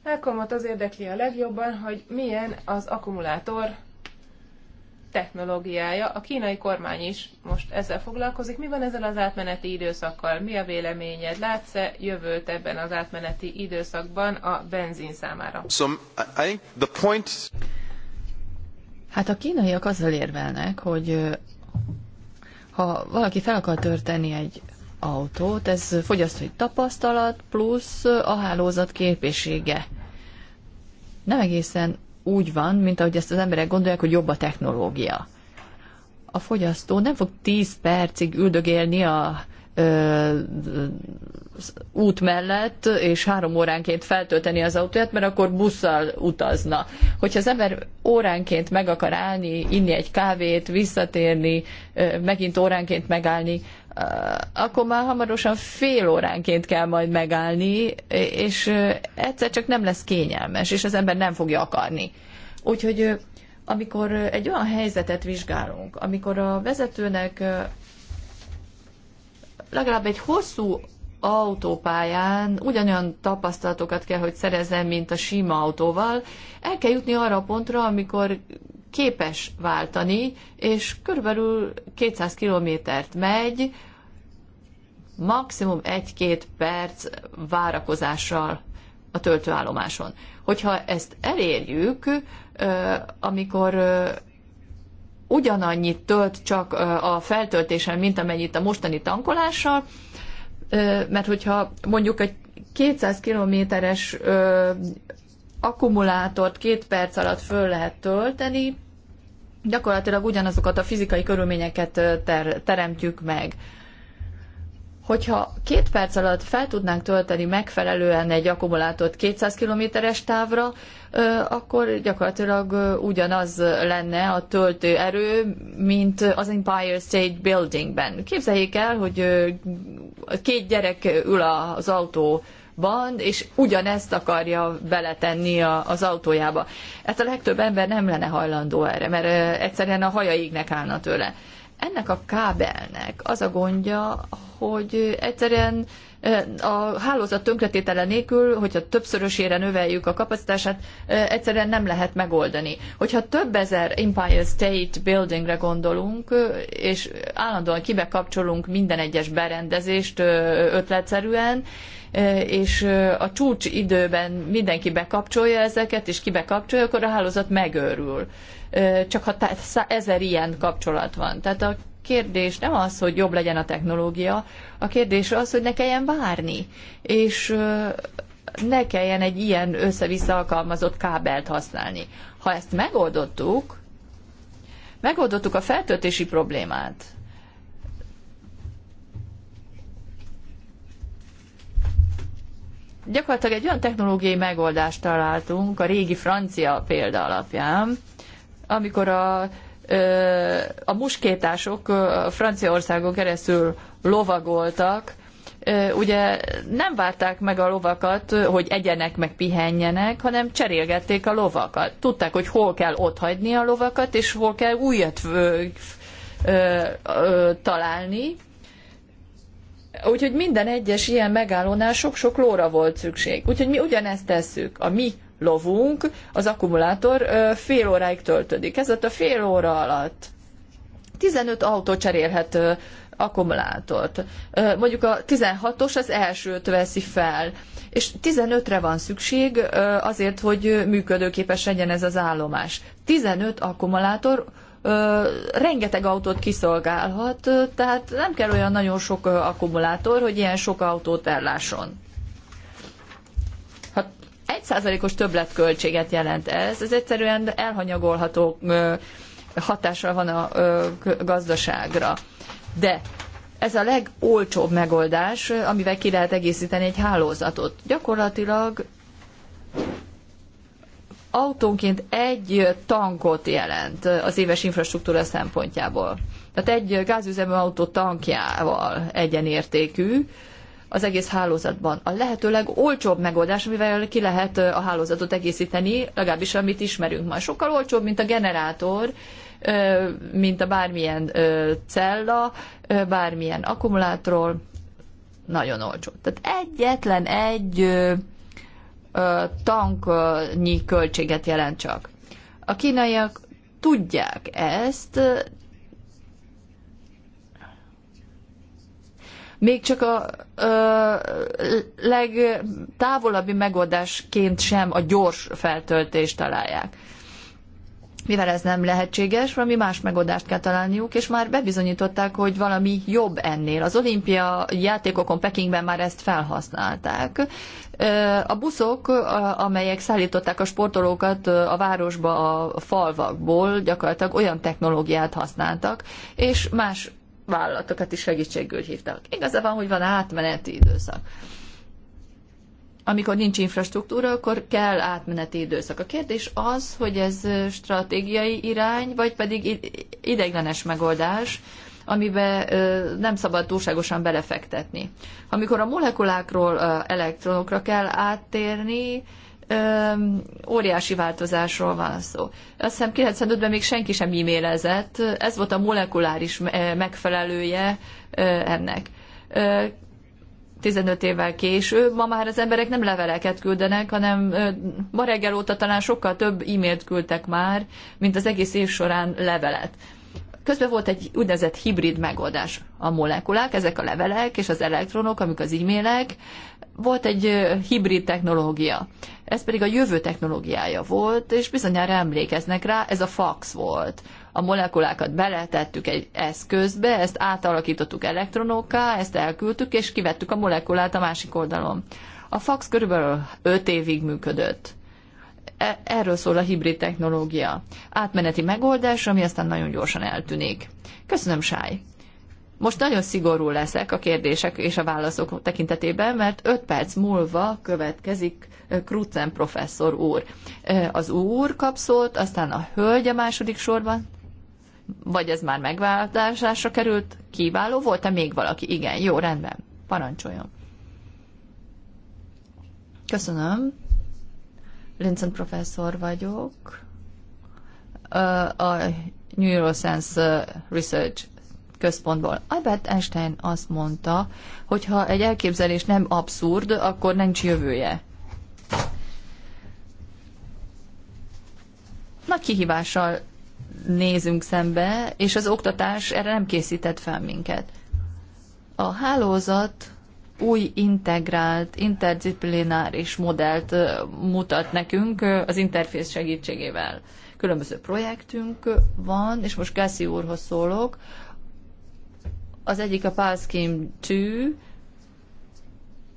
Malcolmot az érdekli a legjobban, hogy milyen az akkumulátor technológiája. A kínai kormány is most ezzel foglalkozik. Mi van ezzel az átmeneti időszakkal? Mi a véleményed? Látsz-e jövőt ebben az átmeneti időszakban a benzin számára? So, I think the point... Hát a kínaiak azzal érvelnek, hogy ha valaki fel akar törteni egy autót, ez fogyasztói tapasztalat plusz a hálózat képessége. Nem egészen úgy van, mint ahogy ezt az emberek gondolják, hogy jobb a technológia. A fogyasztó nem fog 10 percig üldögélni a ö, út mellett, és három óránként feltölteni az autóját, mert akkor busszal utazna. Hogyha az ember óránként meg akar állni, inni egy kávét, visszatérni, megint óránként megállni, akkor már hamarosan fél óránként kell majd megállni, és egyszer csak nem lesz kényelmes, és az ember nem fogja akarni. Úgyhogy amikor egy olyan helyzetet vizsgálunk, amikor a vezetőnek legalább egy hosszú autópályán ugyanolyan tapasztalatokat kell, hogy szerezzen, mint a sima autóval, el kell jutni arra a pontra, amikor képes váltani, és körülbelül 200 kilométert megy, maximum 1-2 perc várakozással a töltőállomáson. Hogyha ezt elérjük, amikor ugyanannyit tölt csak a feltöltésen, mint amennyit a mostani tankolással, mert hogyha mondjuk egy 200 kilométeres akkumulátort két perc alatt föl lehet tölteni, gyakorlatilag ugyanazokat a fizikai körülményeket ter- teremtjük meg. Hogyha két perc alatt fel tudnánk tölteni megfelelően egy akkumulátort 200 kilométeres távra, akkor gyakorlatilag ugyanaz lenne a töltő erő, mint az Empire State Buildingben. Képzeljék el, hogy két gyerek ül az autó band, és ugyanezt akarja beletenni a, az autójába. Hát a legtöbb ember nem lenne hajlandó erre, mert egyszerűen a haja ígnek állna tőle. Ennek a kábelnek az a gondja, hogy egyszerűen a hálózat tönkretétele nélkül, hogyha többszörösére növeljük a kapacitását, egyszerűen nem lehet megoldani. Hogyha több ezer Empire State Buildingre gondolunk, és állandóan kibekapcsolunk minden egyes berendezést ötletszerűen, és a csúcs időben mindenki bekapcsolja ezeket, és ki bekapcsolja, akkor a hálózat megőrül. Csak ha ezer ilyen kapcsolat van. Tehát a kérdés nem az, hogy jobb legyen a technológia, a kérdés az, hogy ne kelljen várni, és ne kelljen egy ilyen össze-vissza alkalmazott kábelt használni. Ha ezt megoldottuk, megoldottuk a feltöltési problémát, gyakorlatilag egy olyan technológiai megoldást találtunk a régi francia példa alapján, amikor a, a muskétások Franciaországon keresztül lovagoltak, ugye nem várták meg a lovakat, hogy egyenek meg pihenjenek, hanem cserélgették a lovakat. Tudták, hogy hol kell otthagyni a lovakat, és hol kell újat találni, Úgyhogy minden egyes ilyen megállónál sok-sok lóra volt szükség. Úgyhogy mi ugyanezt tesszük. A mi lovunk, az akkumulátor fél óráig töltődik. Ez a fél óra alatt 15 autó cserélhet akkumulátort. Mondjuk a 16-os az elsőt veszi fel, és 15-re van szükség azért, hogy működőképes legyen ez az állomás. 15 akkumulátor rengeteg autót kiszolgálhat, tehát nem kell olyan nagyon sok akkumulátor, hogy ilyen sok autót ellásson. Hát egy os többletköltséget jelent ez, ez egyszerűen elhanyagolható hatással van a gazdaságra. De ez a legolcsóbb megoldás, amivel ki lehet egészíteni egy hálózatot. Gyakorlatilag autónként egy tankot jelent az éves infrastruktúra szempontjából. Tehát egy gázüzemű autó tankjával egyenértékű az egész hálózatban. A lehető legolcsóbb megoldás, amivel ki lehet a hálózatot egészíteni, legalábbis amit ismerünk már. Sokkal olcsóbb, mint a generátor, mint a bármilyen cella, bármilyen akkumulátorról, nagyon olcsó. Tehát egyetlen egy tanknyi költséget jelent csak. A kínaiak tudják ezt, még csak a ö, legtávolabbi megoldásként sem a gyors feltöltést találják. Mivel ez nem lehetséges, valami más megoldást kell találniuk, és már bebizonyították, hogy valami jobb ennél. Az olimpia játékokon Pekingben már ezt felhasználták. A buszok, amelyek szállították a sportolókat a városba a falvakból, gyakorlatilag olyan technológiát használtak, és más vállalatokat is segítségül hívtak. Igaza van, hogy van átmeneti időszak amikor nincs infrastruktúra, akkor kell átmeneti időszak. A kérdés az, hogy ez stratégiai irány, vagy pedig ideiglenes megoldás, amibe nem szabad túlságosan belefektetni. Amikor a molekulákról a elektronokra kell áttérni, óriási változásról van szó. Azt hiszem 95-ben még senki sem e-mailezett, ez volt a molekuláris megfelelője ennek. 15 évvel később, ma már az emberek nem leveleket küldenek, hanem ma reggel óta talán sokkal több e-mailt küldtek már, mint az egész év során levelet. Közben volt egy úgynevezett hibrid megoldás. A molekulák, ezek a levelek és az elektronok, amik az e-mailek, volt egy hibrid technológia. Ez pedig a jövő technológiája volt, és bizonyára emlékeznek rá, ez a fax volt a molekulákat beletettük egy eszközbe, ezt átalakítottuk elektronokká, ezt elküldtük, és kivettük a molekulát a másik oldalon. A fax körülbelül 5 évig működött. E, erről szól a hibrid technológia. Átmeneti megoldás, ami aztán nagyon gyorsan eltűnik. Köszönöm, Sáj! Most nagyon szigorú leszek a kérdések és a válaszok tekintetében, mert 5 perc múlva következik eh, Krutzen professzor úr. Eh, az úr kap szót, aztán a hölgy a második sorban, vagy ez már megváltásra került? Kiváló volt-e még valaki? Igen, jó, rendben. Parancsoljon. Köszönöm. Lincoln professzor vagyok. A Neuroscience Research központból. Albert Einstein azt mondta, hogy ha egy elképzelés nem abszurd, akkor nincs jövője. Nagy kihívással nézünk szembe, és az oktatás erre nem készített fel minket. A hálózat új integrált, interdisziplináris modellt mutat nekünk az interfész segítségével. Különböző projektünk van, és most Gászi úrhoz szólok. Az egyik a Palskim 2,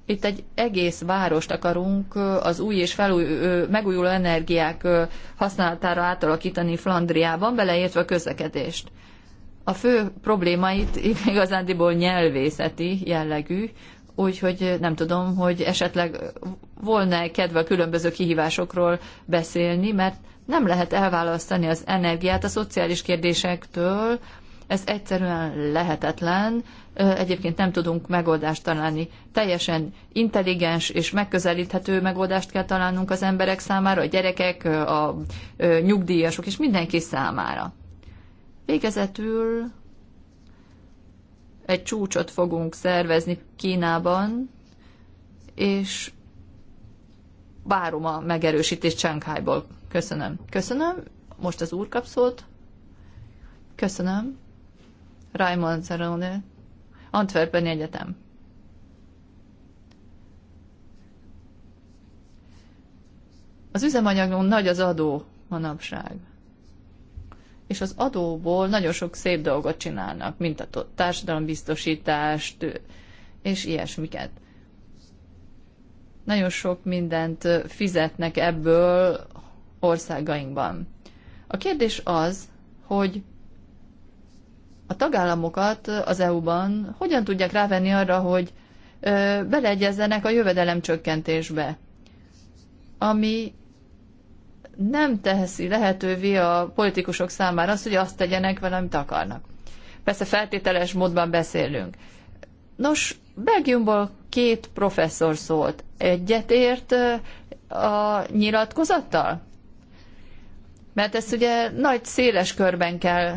itt egy egész várost akarunk az új és felúj, megújuló energiák használatára átalakítani Flandriában, beleértve a közlekedést. A fő probléma itt igazándiból nyelvészeti jellegű, úgyhogy nem tudom, hogy esetleg volna kedve a különböző kihívásokról beszélni, mert nem lehet elválasztani az energiát a szociális kérdésektől, ez egyszerűen lehetetlen, egyébként nem tudunk megoldást találni. Teljesen intelligens és megközelíthető megoldást kell találnunk az emberek számára, a gyerekek, a nyugdíjasok és mindenki számára. Végezetül egy csúcsot fogunk szervezni Kínában, és várom a megerősítést Csánkhájból. Köszönöm. Köszönöm. Most az úr kap szót. Köszönöm. Raymond Cerone. Antwerpeni Egyetem. Az üzemanyagon nagy az adó manapság. És az adóból nagyon sok szép dolgot csinálnak, mint a társadalombiztosítást és ilyesmiket. Nagyon sok mindent fizetnek ebből országainkban. A kérdés az, hogy a tagállamokat az EU-ban hogyan tudják rávenni arra, hogy beleegyezzenek a jövedelem csökkentésbe, ami nem teszi lehetővé a politikusok számára azt, hogy azt tegyenek vele, amit akarnak. Persze feltételes módban beszélünk. Nos, Belgiumból két professzor szólt. Egyetért a nyilatkozattal? Mert ezt ugye nagy széles körben kell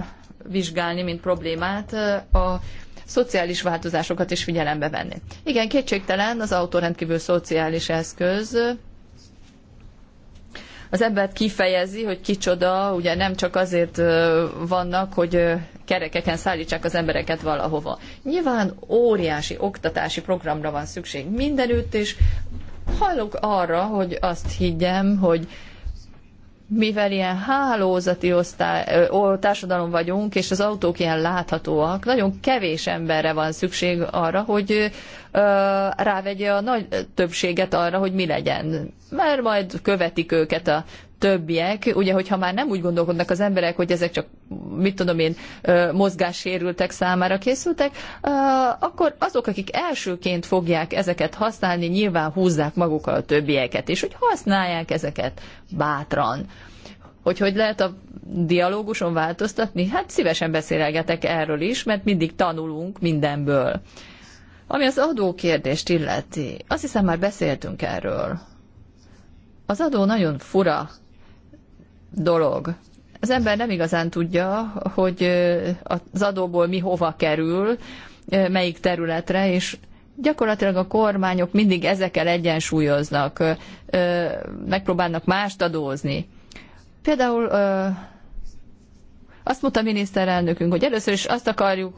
vizsgálni, mint problémát, a szociális változásokat is figyelembe venni. Igen, kétségtelen az autó rendkívül szociális eszköz. Az embert kifejezi, hogy kicsoda, ugye nem csak azért vannak, hogy kerekeken szállítsák az embereket valahova. Nyilván óriási oktatási programra van szükség mindenütt, és hallok arra, hogy azt higgyem, hogy mivel ilyen hálózati osztály, társadalom vagyunk, és az autók ilyen láthatóak, nagyon kevés emberre van szükség arra, hogy ö, rávegye a nagy többséget arra, hogy mi legyen. Mert majd követik őket a többiek. Ugye, hogyha már nem úgy gondolkodnak az emberek, hogy ezek csak, mit tudom én, mozgássérültek számára készültek, akkor azok, akik elsőként fogják ezeket használni, nyilván húzzák magukkal a többieket, és hogy használják ezeket bátran. Hogy hogy lehet a dialóguson változtatni? Hát szívesen beszélgetek erről is, mert mindig tanulunk mindenből. Ami az adó kérdést illeti, azt hiszem már beszéltünk erről. Az adó nagyon fura dolog. Az ember nem igazán tudja, hogy az adóból mi hova kerül, melyik területre, és gyakorlatilag a kormányok mindig ezekkel egyensúlyoznak, megpróbálnak mást adózni. Például azt mondta a miniszterelnökünk, hogy először is azt akarjuk,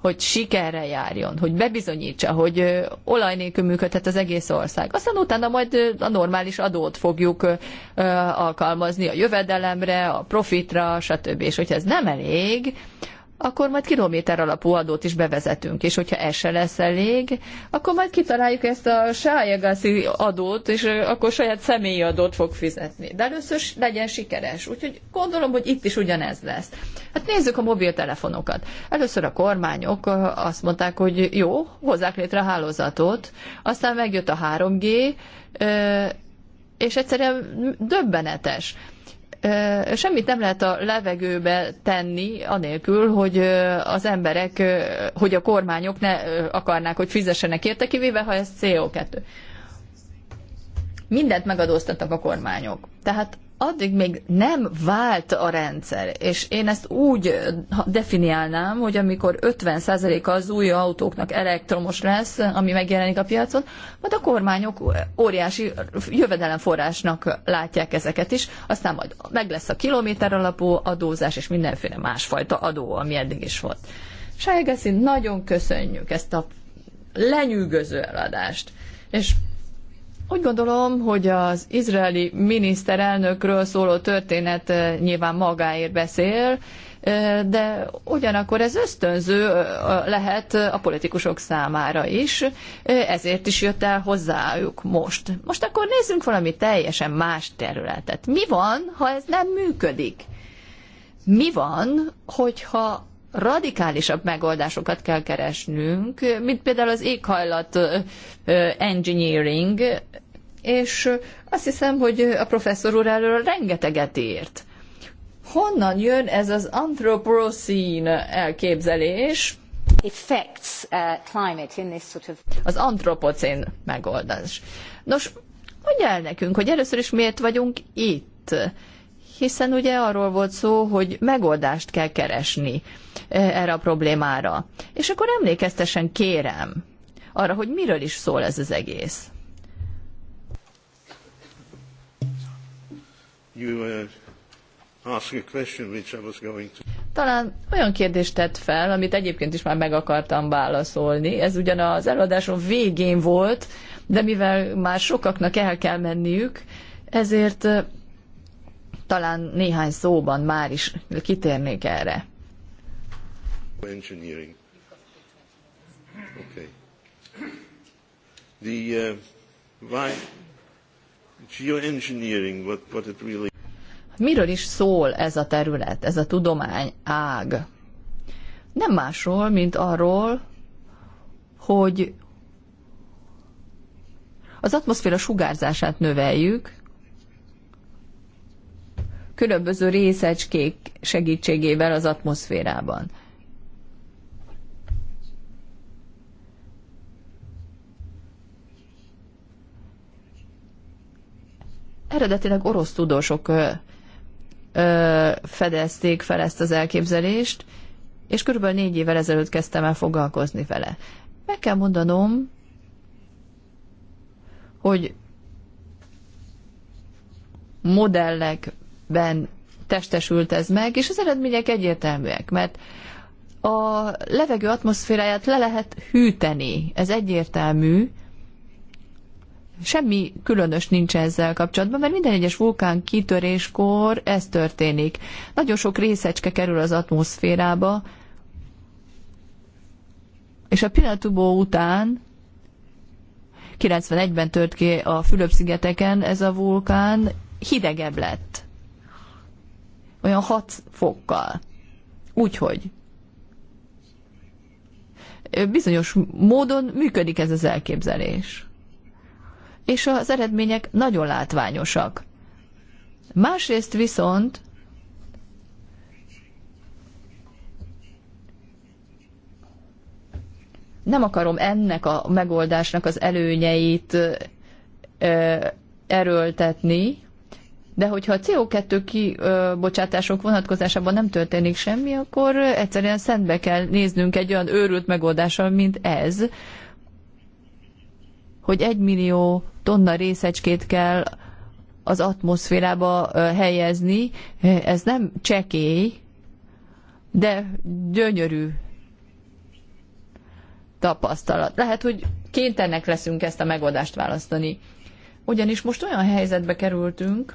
hogy sikerre járjon, hogy bebizonyítsa, hogy olaj nélkül működhet az egész ország. Aztán utána majd a normális adót fogjuk alkalmazni a jövedelemre, a profitra, stb. És hogyha ez nem elég, akkor majd kilométer alapú adót is bevezetünk, és hogyha ez se lesz elég, akkor majd kitaláljuk ezt a sájegászi adót, és akkor saját személyi adót fog fizetni. De először legyen sikeres. Úgyhogy gondolom, hogy itt is ugyanez lesz. Hát nézzük a mobiltelefonokat. Először a kormányok azt mondták, hogy jó, hozzák létre a hálózatot, aztán megjött a 3G, és egyszerűen döbbenetes semmit nem lehet a levegőbe tenni, anélkül, hogy az emberek, hogy a kormányok ne akarnák, hogy fizessenek érte, kivéve ha ez CO2. Mindent megadóztatnak a kormányok. Tehát addig még nem vált a rendszer, és én ezt úgy eh, definiálnám, hogy amikor 50%-a az új autóknak elektromos lesz, ami megjelenik a piacon, majd a kormányok óriási jövedelemforrásnak látják ezeket is, aztán majd meg lesz a kilométer alapú adózás, és mindenféle másfajta adó, ami eddig is volt. Sájegeszin, nagyon köszönjük ezt a lenyűgöző eladást, és úgy gondolom, hogy az izraeli miniszterelnökről szóló történet nyilván magáért beszél, de ugyanakkor ez ösztönző lehet a politikusok számára is, ezért is jött el hozzájuk most. Most akkor nézzünk valami teljesen más területet. Mi van, ha ez nem működik? Mi van, hogyha radikálisabb megoldásokat kell keresnünk, mint például az éghajlat engineering, és azt hiszem, hogy a professzor úr erről rengeteget írt. Honnan jön ez az anthropocene elképzelés? uh, climate in this sort of... Az antropocén megoldás. Nos, mondja el nekünk, hogy először is miért vagyunk itt? Hiszen ugye arról volt szó, hogy megoldást kell keresni. E, erre a problémára. És akkor emlékeztesen kérem arra, hogy miről is szól ez az egész. You, uh... Talán olyan kérdést tett fel, amit egyébként is már meg akartam válaszolni. Ez ugyan az előadásom végén volt, de mivel már sokaknak el kell menniük, ezért uh, talán néhány szóban már is kitérnék erre. Engineering. Okay. The uh, why geoengineering, what, what it really... Miről is szól ez a terület, ez a tudomány ág? Nem másról, mint arról, hogy az atmoszféra sugárzását növeljük, különböző részecskék segítségével az atmoszférában. eredetileg orosz tudósok ö, ö, fedezték fel ezt az elképzelést, és körülbelül négy évvel ezelőtt kezdtem el foglalkozni vele. Meg kell mondanom, hogy modellekben testesült ez meg, és az eredmények egyértelműek, mert a levegő atmoszféráját le lehet hűteni, ez egyértelmű, Semmi különös nincs ezzel kapcsolatban, mert minden egyes vulkán kitöréskor ez történik. Nagyon sok részecske kerül az atmoszférába, és a Pinatubo után 91-ben tört ki a Fülöp-szigeteken ez a vulkán, hidegebb lett. Olyan 6 fokkal. Úgyhogy bizonyos módon működik ez az elképzelés és az eredmények nagyon látványosak. Másrészt viszont nem akarom ennek a megoldásnak az előnyeit erőltetni, de hogyha a CO2 kibocsátások vonatkozásában nem történik semmi, akkor egyszerűen szentbe kell néznünk egy olyan őrült megoldással, mint ez, hogy egy millió tonna részecskét kell az atmoszférába helyezni. Ez nem csekély, de gyönyörű tapasztalat. Lehet, hogy kénytelenek leszünk ezt a megoldást választani. Ugyanis most olyan helyzetbe kerültünk,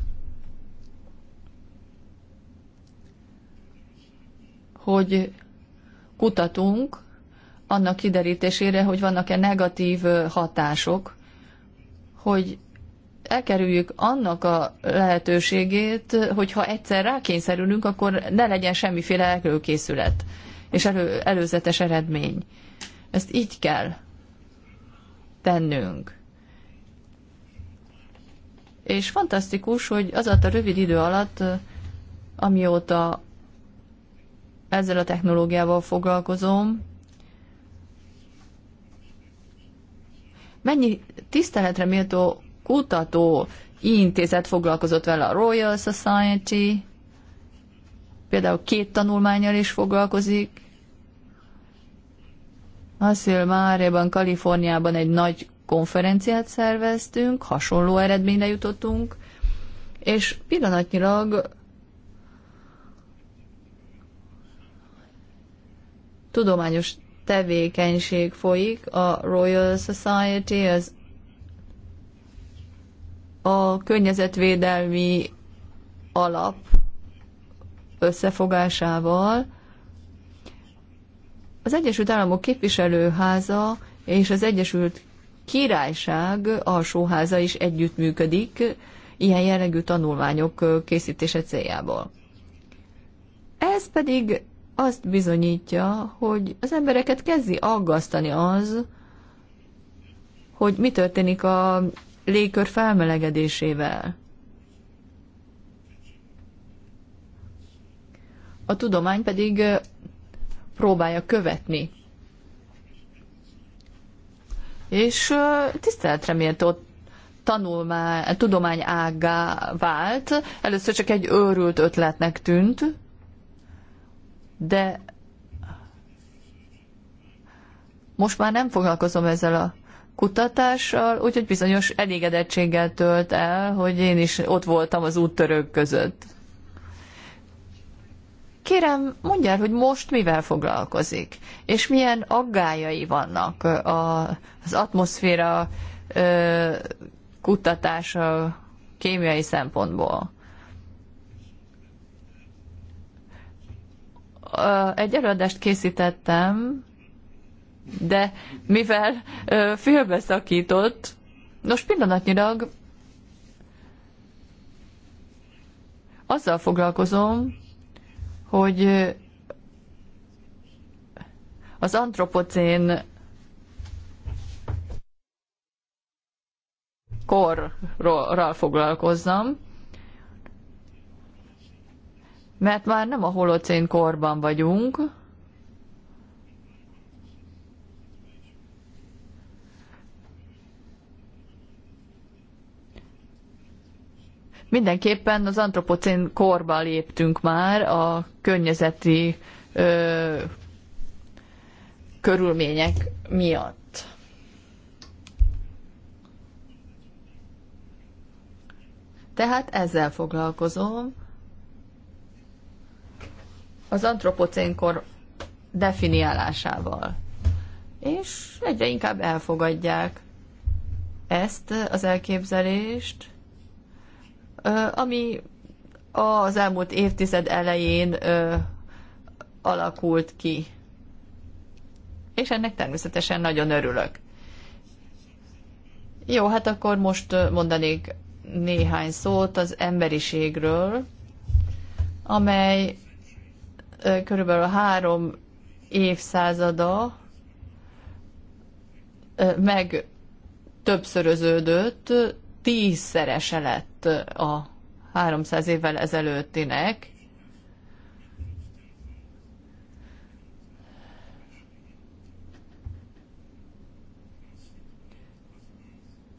hogy kutatunk, annak kiderítésére, hogy vannak-e negatív hatások, hogy elkerüljük annak a lehetőségét, hogy ha egyszer rákényszerülünk, akkor ne legyen semmiféle előkészület és elő, előzetes eredmény. Ezt így kell tennünk. És fantasztikus, hogy az a rövid idő alatt, amióta ezzel a technológiával foglalkozom, Mennyi tiszteletre méltó kutató intézet foglalkozott vele, a Royal Society, például két tanulmányal is foglalkozik. Azért már ebben Kaliforniában egy nagy konferenciát szerveztünk, hasonló eredményre jutottunk, és pillanatnyilag tudományos tevékenység folyik, a Royal Society, az a környezetvédelmi alap összefogásával az Egyesült Államok képviselőháza és az Egyesült Királyság alsóháza is együttműködik ilyen jellegű tanulmányok készítése céljából. Ez pedig azt bizonyítja, hogy az embereket kezdi aggasztani az, hogy mi történik a légkör felmelegedésével. A tudomány pedig próbálja követni. És tiszteletre méltó tanulmány, tudomány ággá vált. Először csak egy őrült ötletnek tűnt, de most már nem foglalkozom ezzel a kutatással, úgyhogy bizonyos elégedettséggel tölt el, hogy én is ott voltam az úttörők között. Kérem, mondjál, hogy most mivel foglalkozik, és milyen aggályai vannak az atmoszféra kutatása kémiai szempontból. egy előadást készítettem, de mivel félbeszakított, most pillanatnyilag azzal foglalkozom, hogy az antropocén korral foglalkozzam, mert már nem a holocén korban vagyunk, Mindenképpen az antropocén korba léptünk már a környezeti ö, körülmények miatt. Tehát ezzel foglalkozom az antropocénkor definiálásával. És egyre inkább elfogadják ezt az elképzelést, ami az elmúlt évtized elején alakult ki. És ennek természetesen nagyon örülök. Jó, hát akkor most mondanék néhány szót az emberiségről, amely körülbelül három évszázada meg többszöröződött, tízszerese lett a 300 évvel ezelőttinek.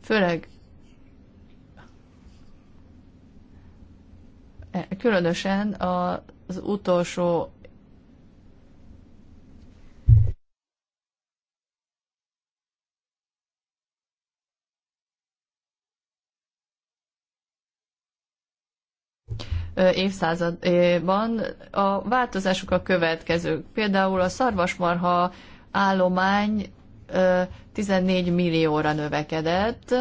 Főleg különösen az utolsó évszázadban a változások a következők. Például a szarvasmarha állomány 14 millióra növekedett.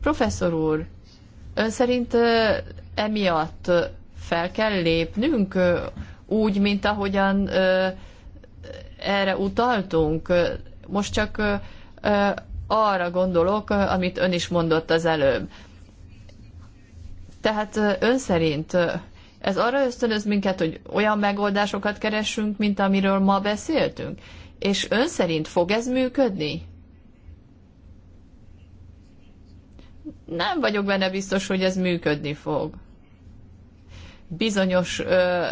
Professzor úr, ön szerint emiatt fel kell lépnünk úgy, mint ahogyan erre utaltunk? Most csak arra gondolok, amit ön is mondott az előbb. Tehát ön szerint ez arra ösztönöz minket, hogy olyan megoldásokat keressünk, mint amiről ma beszéltünk? És ön szerint fog ez működni? Nem vagyok benne biztos, hogy ez működni fog. Bizonyos ö,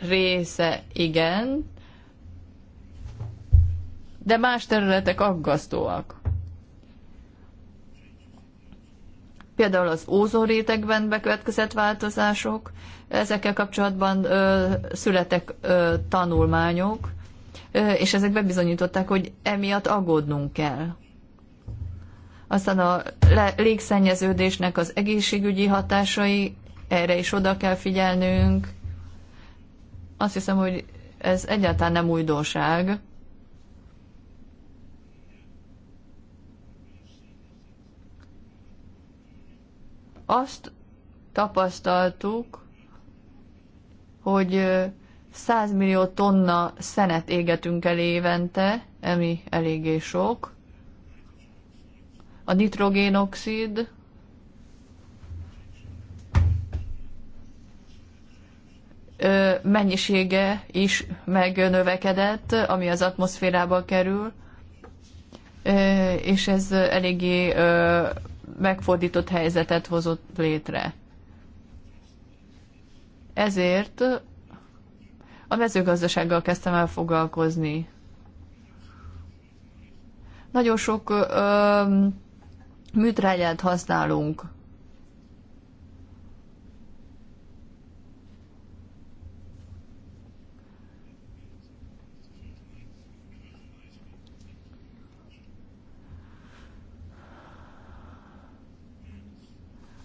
része igen, de más területek aggasztóak. például az ózonrétegben bekövetkezett változások, ezekkel kapcsolatban ö, születek ö, tanulmányok, ö, és ezek bebizonyították, hogy emiatt aggódnunk kell. Aztán a légszennyeződésnek az egészségügyi hatásai, erre is oda kell figyelnünk. Azt hiszem, hogy ez egyáltalán nem újdonság. azt tapasztaltuk, hogy 100 millió tonna szenet égetünk el évente, ami eléggé sok. A nitrogénoxid, mennyisége is megnövekedett, ami az atmoszférába kerül, és ez eléggé megfordított helyzetet hozott létre. Ezért a mezőgazdasággal kezdtem el foglalkozni. Nagyon sok ö, műtrágyát használunk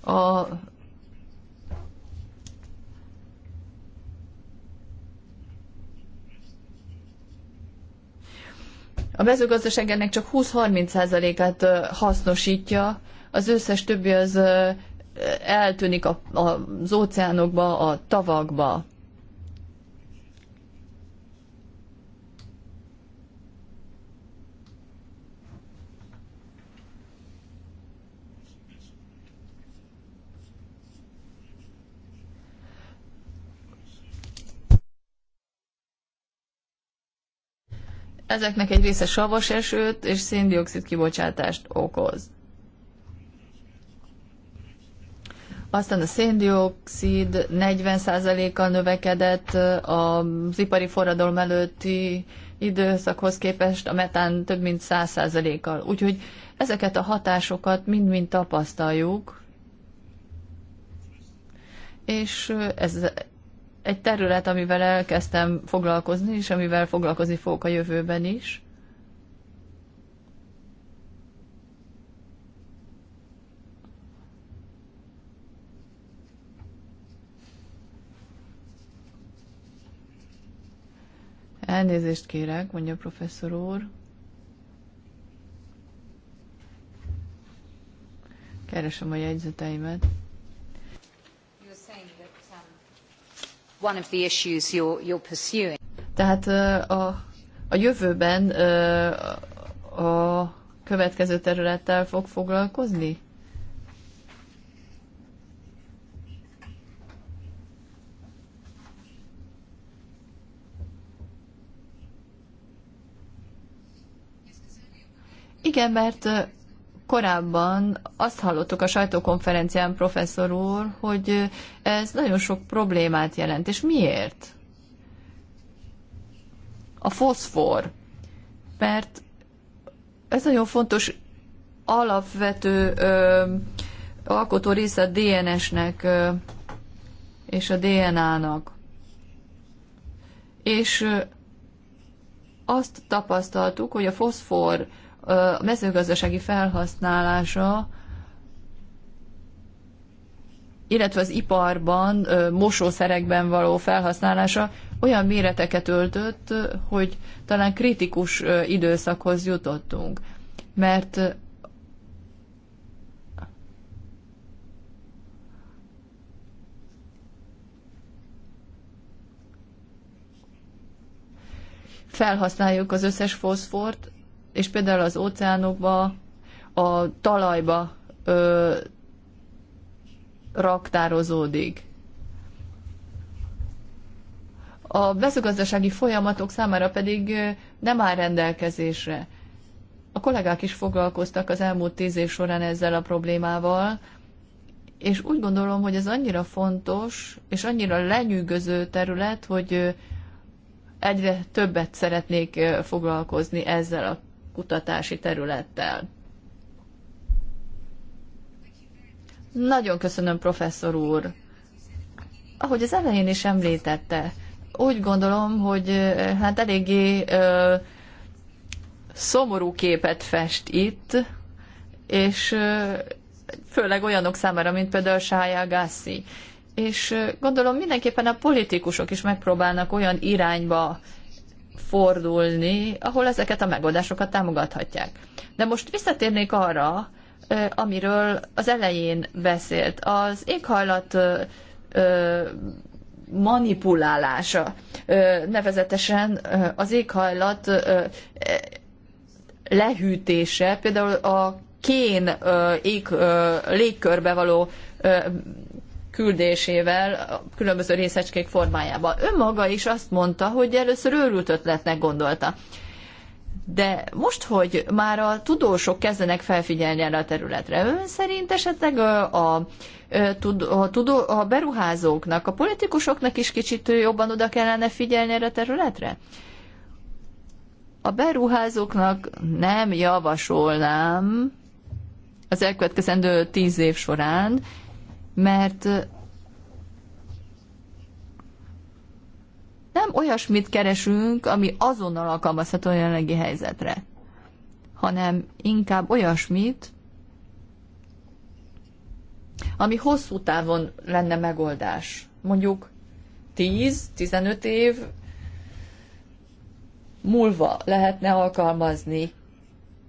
a A mezőgazdaság ennek csak 20-30%-át hasznosítja, az összes többi az eltűnik az óceánokba, a tavakba. ezeknek egy része savas esőt és széndiokszid kibocsátást okoz. Aztán a széndiokszid 40%-kal növekedett az ipari forradalom előtti időszakhoz képest, a metán több mint 100%-kal. Úgyhogy ezeket a hatásokat mind-mind tapasztaljuk, és ez egy terület, amivel elkezdtem foglalkozni, és amivel foglalkozni fogok a jövőben is. Elnézést kérek, mondja a professzor úr. Keresem a jegyzeteimet. one of the issues you're, you're pursuing. Tehát a, a jövőben a következő területtel fog foglalkozni? Igen, mert korábban azt hallottuk a sajtókonferencián professzor úr, hogy ez nagyon sok problémát jelent. És miért? A foszfor. Mert ez nagyon fontos alapvető ö, alkotó része a DNS-nek és a DNA-nak. És ö, azt tapasztaltuk, hogy a foszfor a mezőgazdasági felhasználása, illetve az iparban, mosószerekben való felhasználása olyan méreteket öltött, hogy talán kritikus időszakhoz jutottunk. Mert felhasználjuk az összes foszfort, és például az óceánokba, a talajba ö, raktározódik. A mezőgazdasági folyamatok számára pedig nem áll rendelkezésre. A kollégák is foglalkoztak az elmúlt tíz év során ezzel a problémával, és úgy gondolom, hogy ez annyira fontos, és annyira lenyűgöző terület, hogy egyre többet szeretnék foglalkozni ezzel a kutatási területtel. Nagyon köszönöm, professzor úr. Ahogy az elején is említette, úgy gondolom, hogy eh, hát eléggé ö, eh, szomorú képet fest itt, és ö, eh, főleg olyanok számára, mint például Sája Gassi. És ö, gondolom mindenképpen a politikusok is megpróbálnak olyan irányba fordulni, ahol ezeket a megoldásokat támogathatják. De most visszatérnék arra, amiről az elején beszélt, az éghajlat manipulálása, nevezetesen az éghajlat lehűtése, például a kén ég, légkörbe való küldésével a különböző részecskék formájában. Ő maga is azt mondta, hogy először őrült ötletnek gondolta. De most, hogy már a tudósok kezdenek felfigyelni erre a területre, ön szerint esetleg a, a, a, tudó, a beruházóknak, a politikusoknak is kicsit jobban oda kellene figyelni erre a területre? A beruházóknak nem javasolnám az elkövetkezendő tíz év során, mert nem olyasmit keresünk, ami azonnal alkalmazható a jelenlegi helyzetre, hanem inkább olyasmit, ami hosszú távon lenne megoldás. Mondjuk 10-15 év múlva lehetne alkalmazni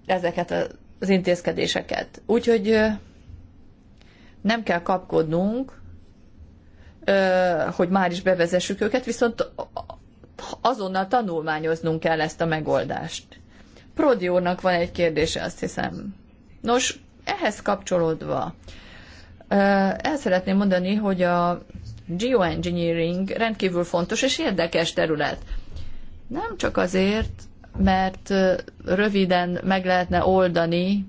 ezeket az intézkedéseket. Úgyhogy nem kell kapkodnunk, hogy már is bevezessük őket, viszont azonnal tanulmányoznunk kell ezt a megoldást. Prodi úrnak van egy kérdése, azt hiszem. Nos, ehhez kapcsolódva, el szeretném mondani, hogy a geoengineering rendkívül fontos és érdekes terület. Nem csak azért, mert röviden meg lehetne oldani,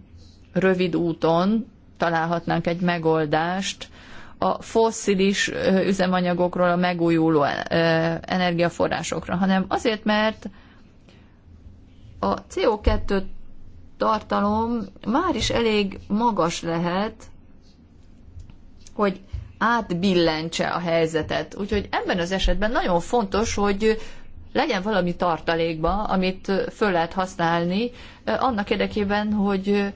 rövid úton, találhatnánk egy megoldást a fosszilis üzemanyagokról, a megújuló energiaforrásokra, hanem azért, mert a CO2 tartalom már is elég magas lehet, hogy átbillentse a helyzetet. Úgyhogy ebben az esetben nagyon fontos, hogy legyen valami tartalékba, amit föl lehet használni, annak érdekében, hogy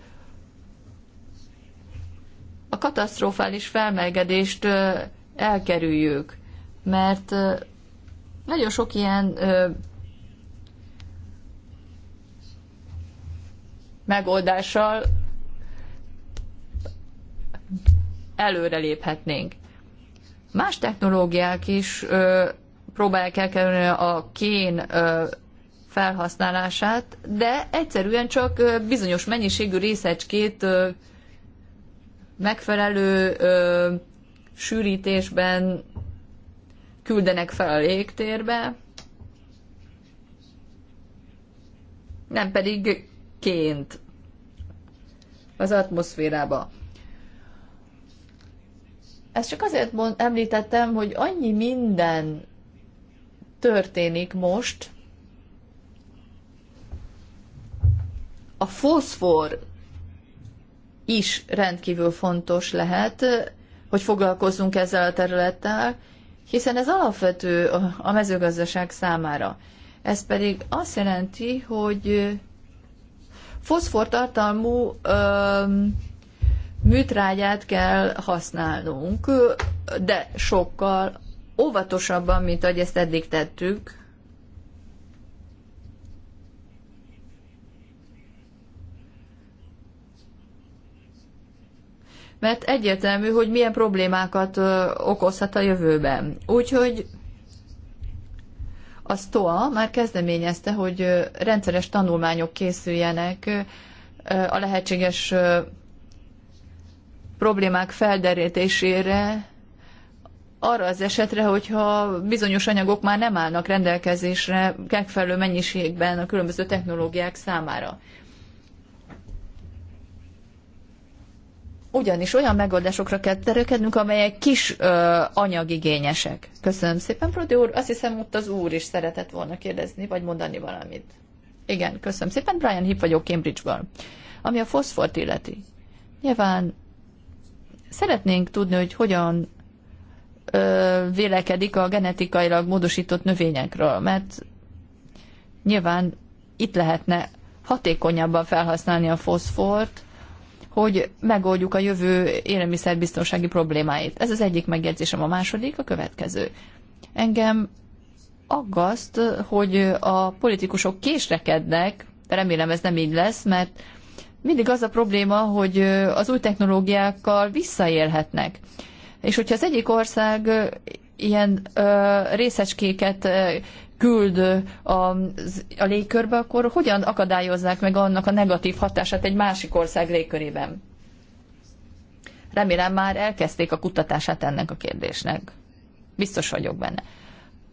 a katasztrofális felmelegedést elkerüljük, mert nagyon sok ilyen megoldással előreléphetnénk. Más technológiák is ö, próbálják elkerülni a kén ö, felhasználását, de egyszerűen csak ö, bizonyos mennyiségű részecskét ö, megfelelő ö, sűrítésben küldenek fel a légtérbe, nem pedig ként az atmoszférába. Ezt csak azért mond, említettem, hogy annyi minden történik most. A foszfor is rendkívül fontos lehet, hogy foglalkozzunk ezzel a területtel, hiszen ez alapvető a mezőgazdaság számára. Ez pedig azt jelenti, hogy foszfortartalmú műtrágyát kell használnunk, de sokkal óvatosabban, mint ahogy ezt eddig tettük, mert egyértelmű, hogy milyen problémákat okozhat a jövőben. Úgyhogy a STOA már kezdeményezte, hogy rendszeres tanulmányok készüljenek a lehetséges problémák felderítésére, arra az esetre, hogyha bizonyos anyagok már nem állnak rendelkezésre megfelelő mennyiségben a különböző technológiák számára. ugyanis olyan megoldásokra kell terökednünk, amelyek kis ö, anyagigényesek. Köszönöm szépen, Prodi úr. Azt hiszem, ott az úr is szeretett volna kérdezni, vagy mondani valamit. Igen, köszönöm szépen. Brian Hip vagyok Cambridge-ban. Ami a foszfort illeti. Nyilván szeretnénk tudni, hogy hogyan ö, vélekedik a genetikailag módosított növényekről, mert nyilván itt lehetne hatékonyabban felhasználni a foszfort, hogy megoldjuk a jövő élelmiszerbiztonsági problémáit. Ez az egyik megjegyzésem. A második a következő. Engem aggaszt, hogy a politikusok késrekednek, remélem ez nem így lesz, mert mindig az a probléma, hogy az új technológiákkal visszaélhetnek. És hogyha az egyik ország ilyen ö, részecskéket ö, küld a, a légkörbe, akkor hogyan akadályozzák meg annak a negatív hatását egy másik ország légkörében? Remélem már elkezdték a kutatását ennek a kérdésnek. Biztos vagyok benne.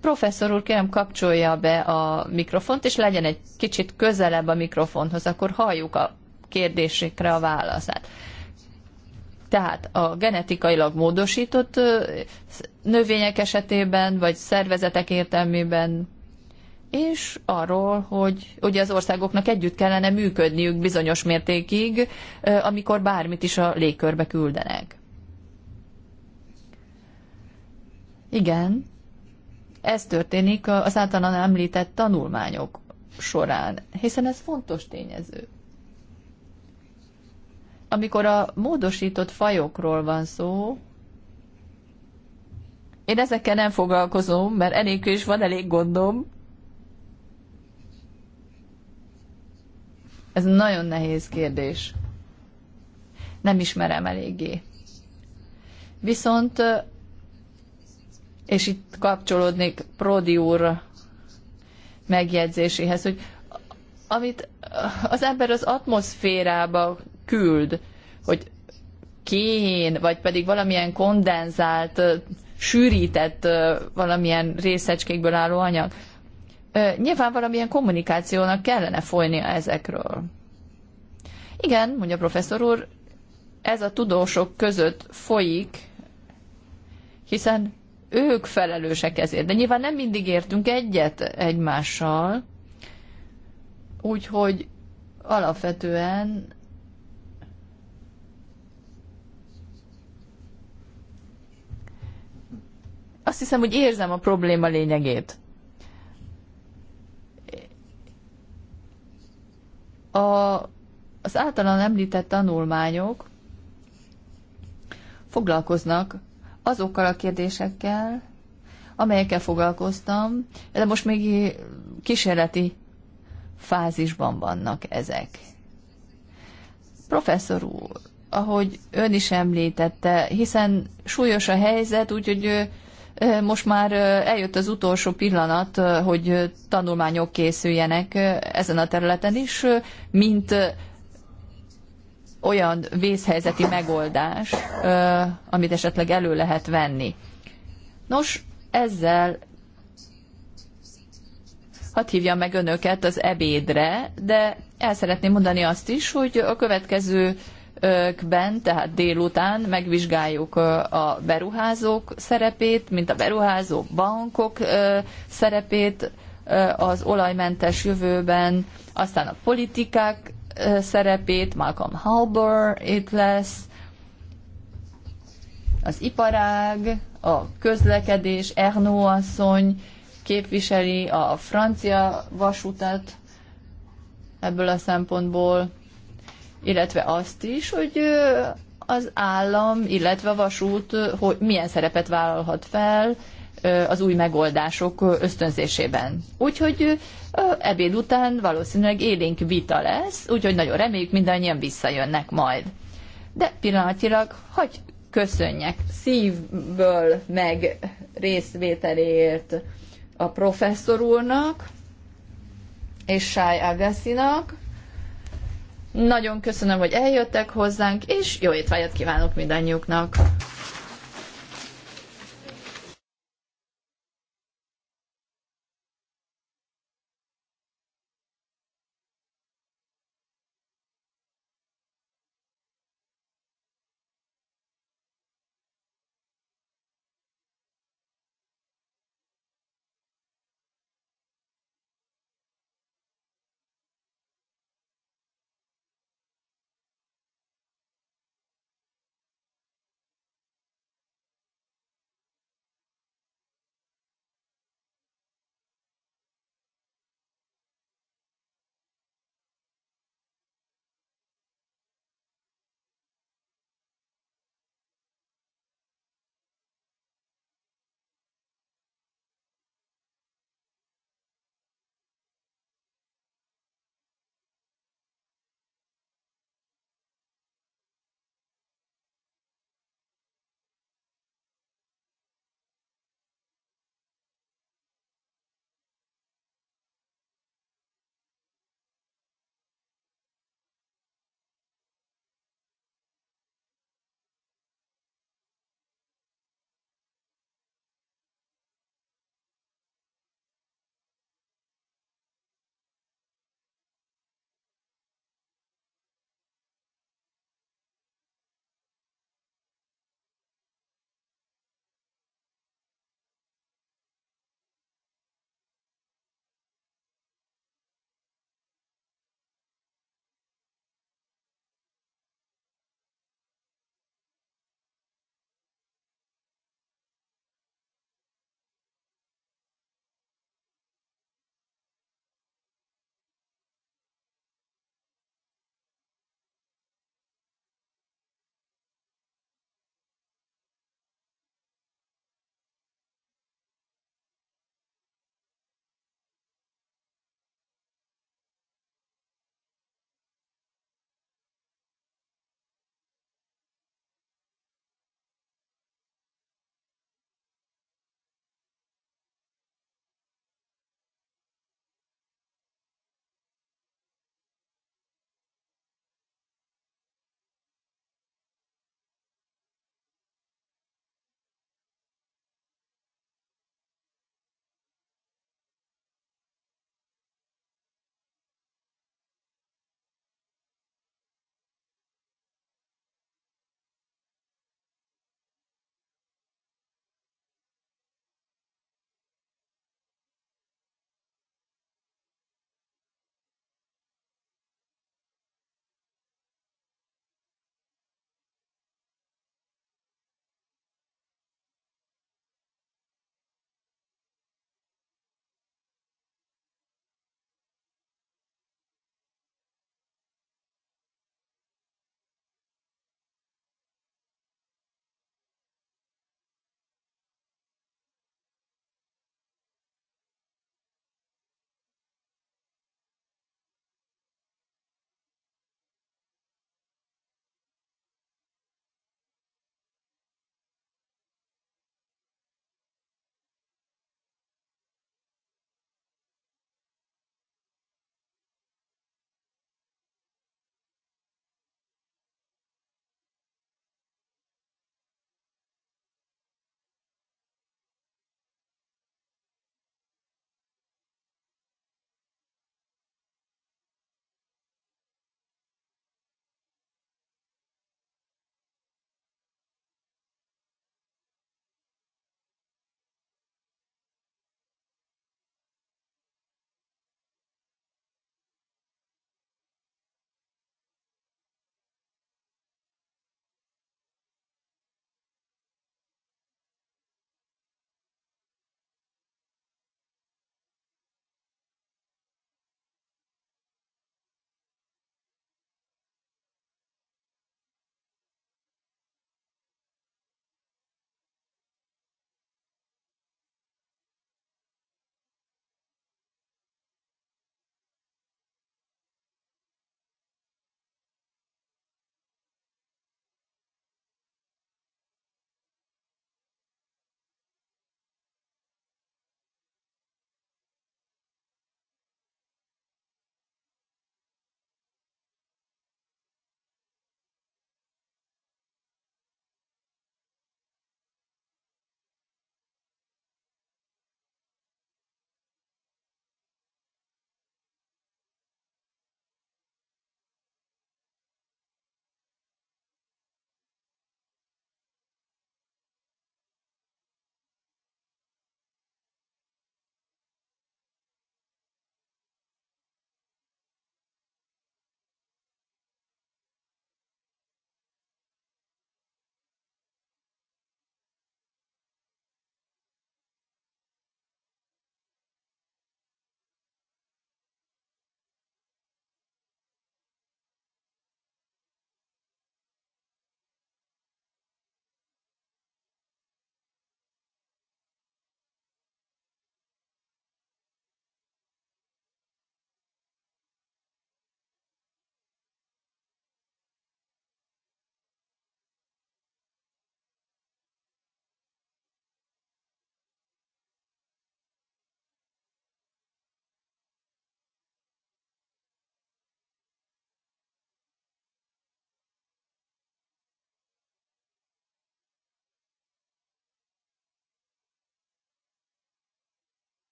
Professzor úr, kérem kapcsolja be a mikrofont, és legyen egy kicsit közelebb a mikrofonhoz, akkor halljuk a kérdésekre a válaszát. Tehát a genetikailag módosított növények esetében, vagy szervezetek értelmében és arról, hogy ugye az országoknak együtt kellene működniük bizonyos mértékig, amikor bármit is a légkörbe küldenek. Igen, ez történik az általán említett tanulmányok során, hiszen ez fontos tényező. Amikor a módosított fajokról van szó, én ezekkel nem foglalkozom, mert enélkül is van elég gondom, Ez nagyon nehéz kérdés. Nem ismerem eléggé. Viszont, eh, és itt kapcsolódnék Prodi úr megjegyzéséhez, hogy amit az ember az atmoszférába küld, hogy kén, vagy pedig valamilyen kondenzált, eh, sűrített eh, valamilyen részecskékből álló anyag. Nyilván valamilyen kommunikációnak kellene folynia ezekről. Igen, mondja a professzor úr, ez a tudósok között folyik, hiszen ők felelősek ezért. De nyilván nem mindig értünk egyet egymással, úgyhogy alapvetően azt hiszem, hogy érzem a probléma lényegét. A, az általán említett tanulmányok foglalkoznak azokkal a kérdésekkel, amelyekkel foglalkoztam, de most még kísérleti fázisban vannak ezek. Professzor úr, ahogy ön is említette, hiszen súlyos a helyzet, úgyhogy most már eljött az utolsó pillanat, hogy tanulmányok készüljenek ezen a területen is, mint olyan vészhelyzeti megoldás, amit esetleg elő lehet venni. Nos, ezzel hadd hívjam meg önöket az ebédre, de el szeretném mondani azt is, hogy a következő kben, tehát délután megvizsgáljuk a beruházók szerepét, mint a beruházó bankok szerepét az olajmentes jövőben, aztán a politikák szerepét, Malcolm Halber itt lesz, az iparág, a közlekedés, Ernó asszony képviseli a francia vasutat ebből a szempontból, illetve azt is, hogy az állam, illetve a vasút hogy milyen szerepet vállalhat fel az új megoldások ösztönzésében. Úgyhogy ebéd után valószínűleg élénk vita lesz, úgyhogy nagyon reméljük mindannyian visszajönnek majd. De pillanatilag hagy köszönjek szívből meg részvételért a professzor úrnak és Sáj Agassinak, nagyon köszönöm, hogy eljöttek hozzánk, és jó étvágyat kívánok mindannyiuknak!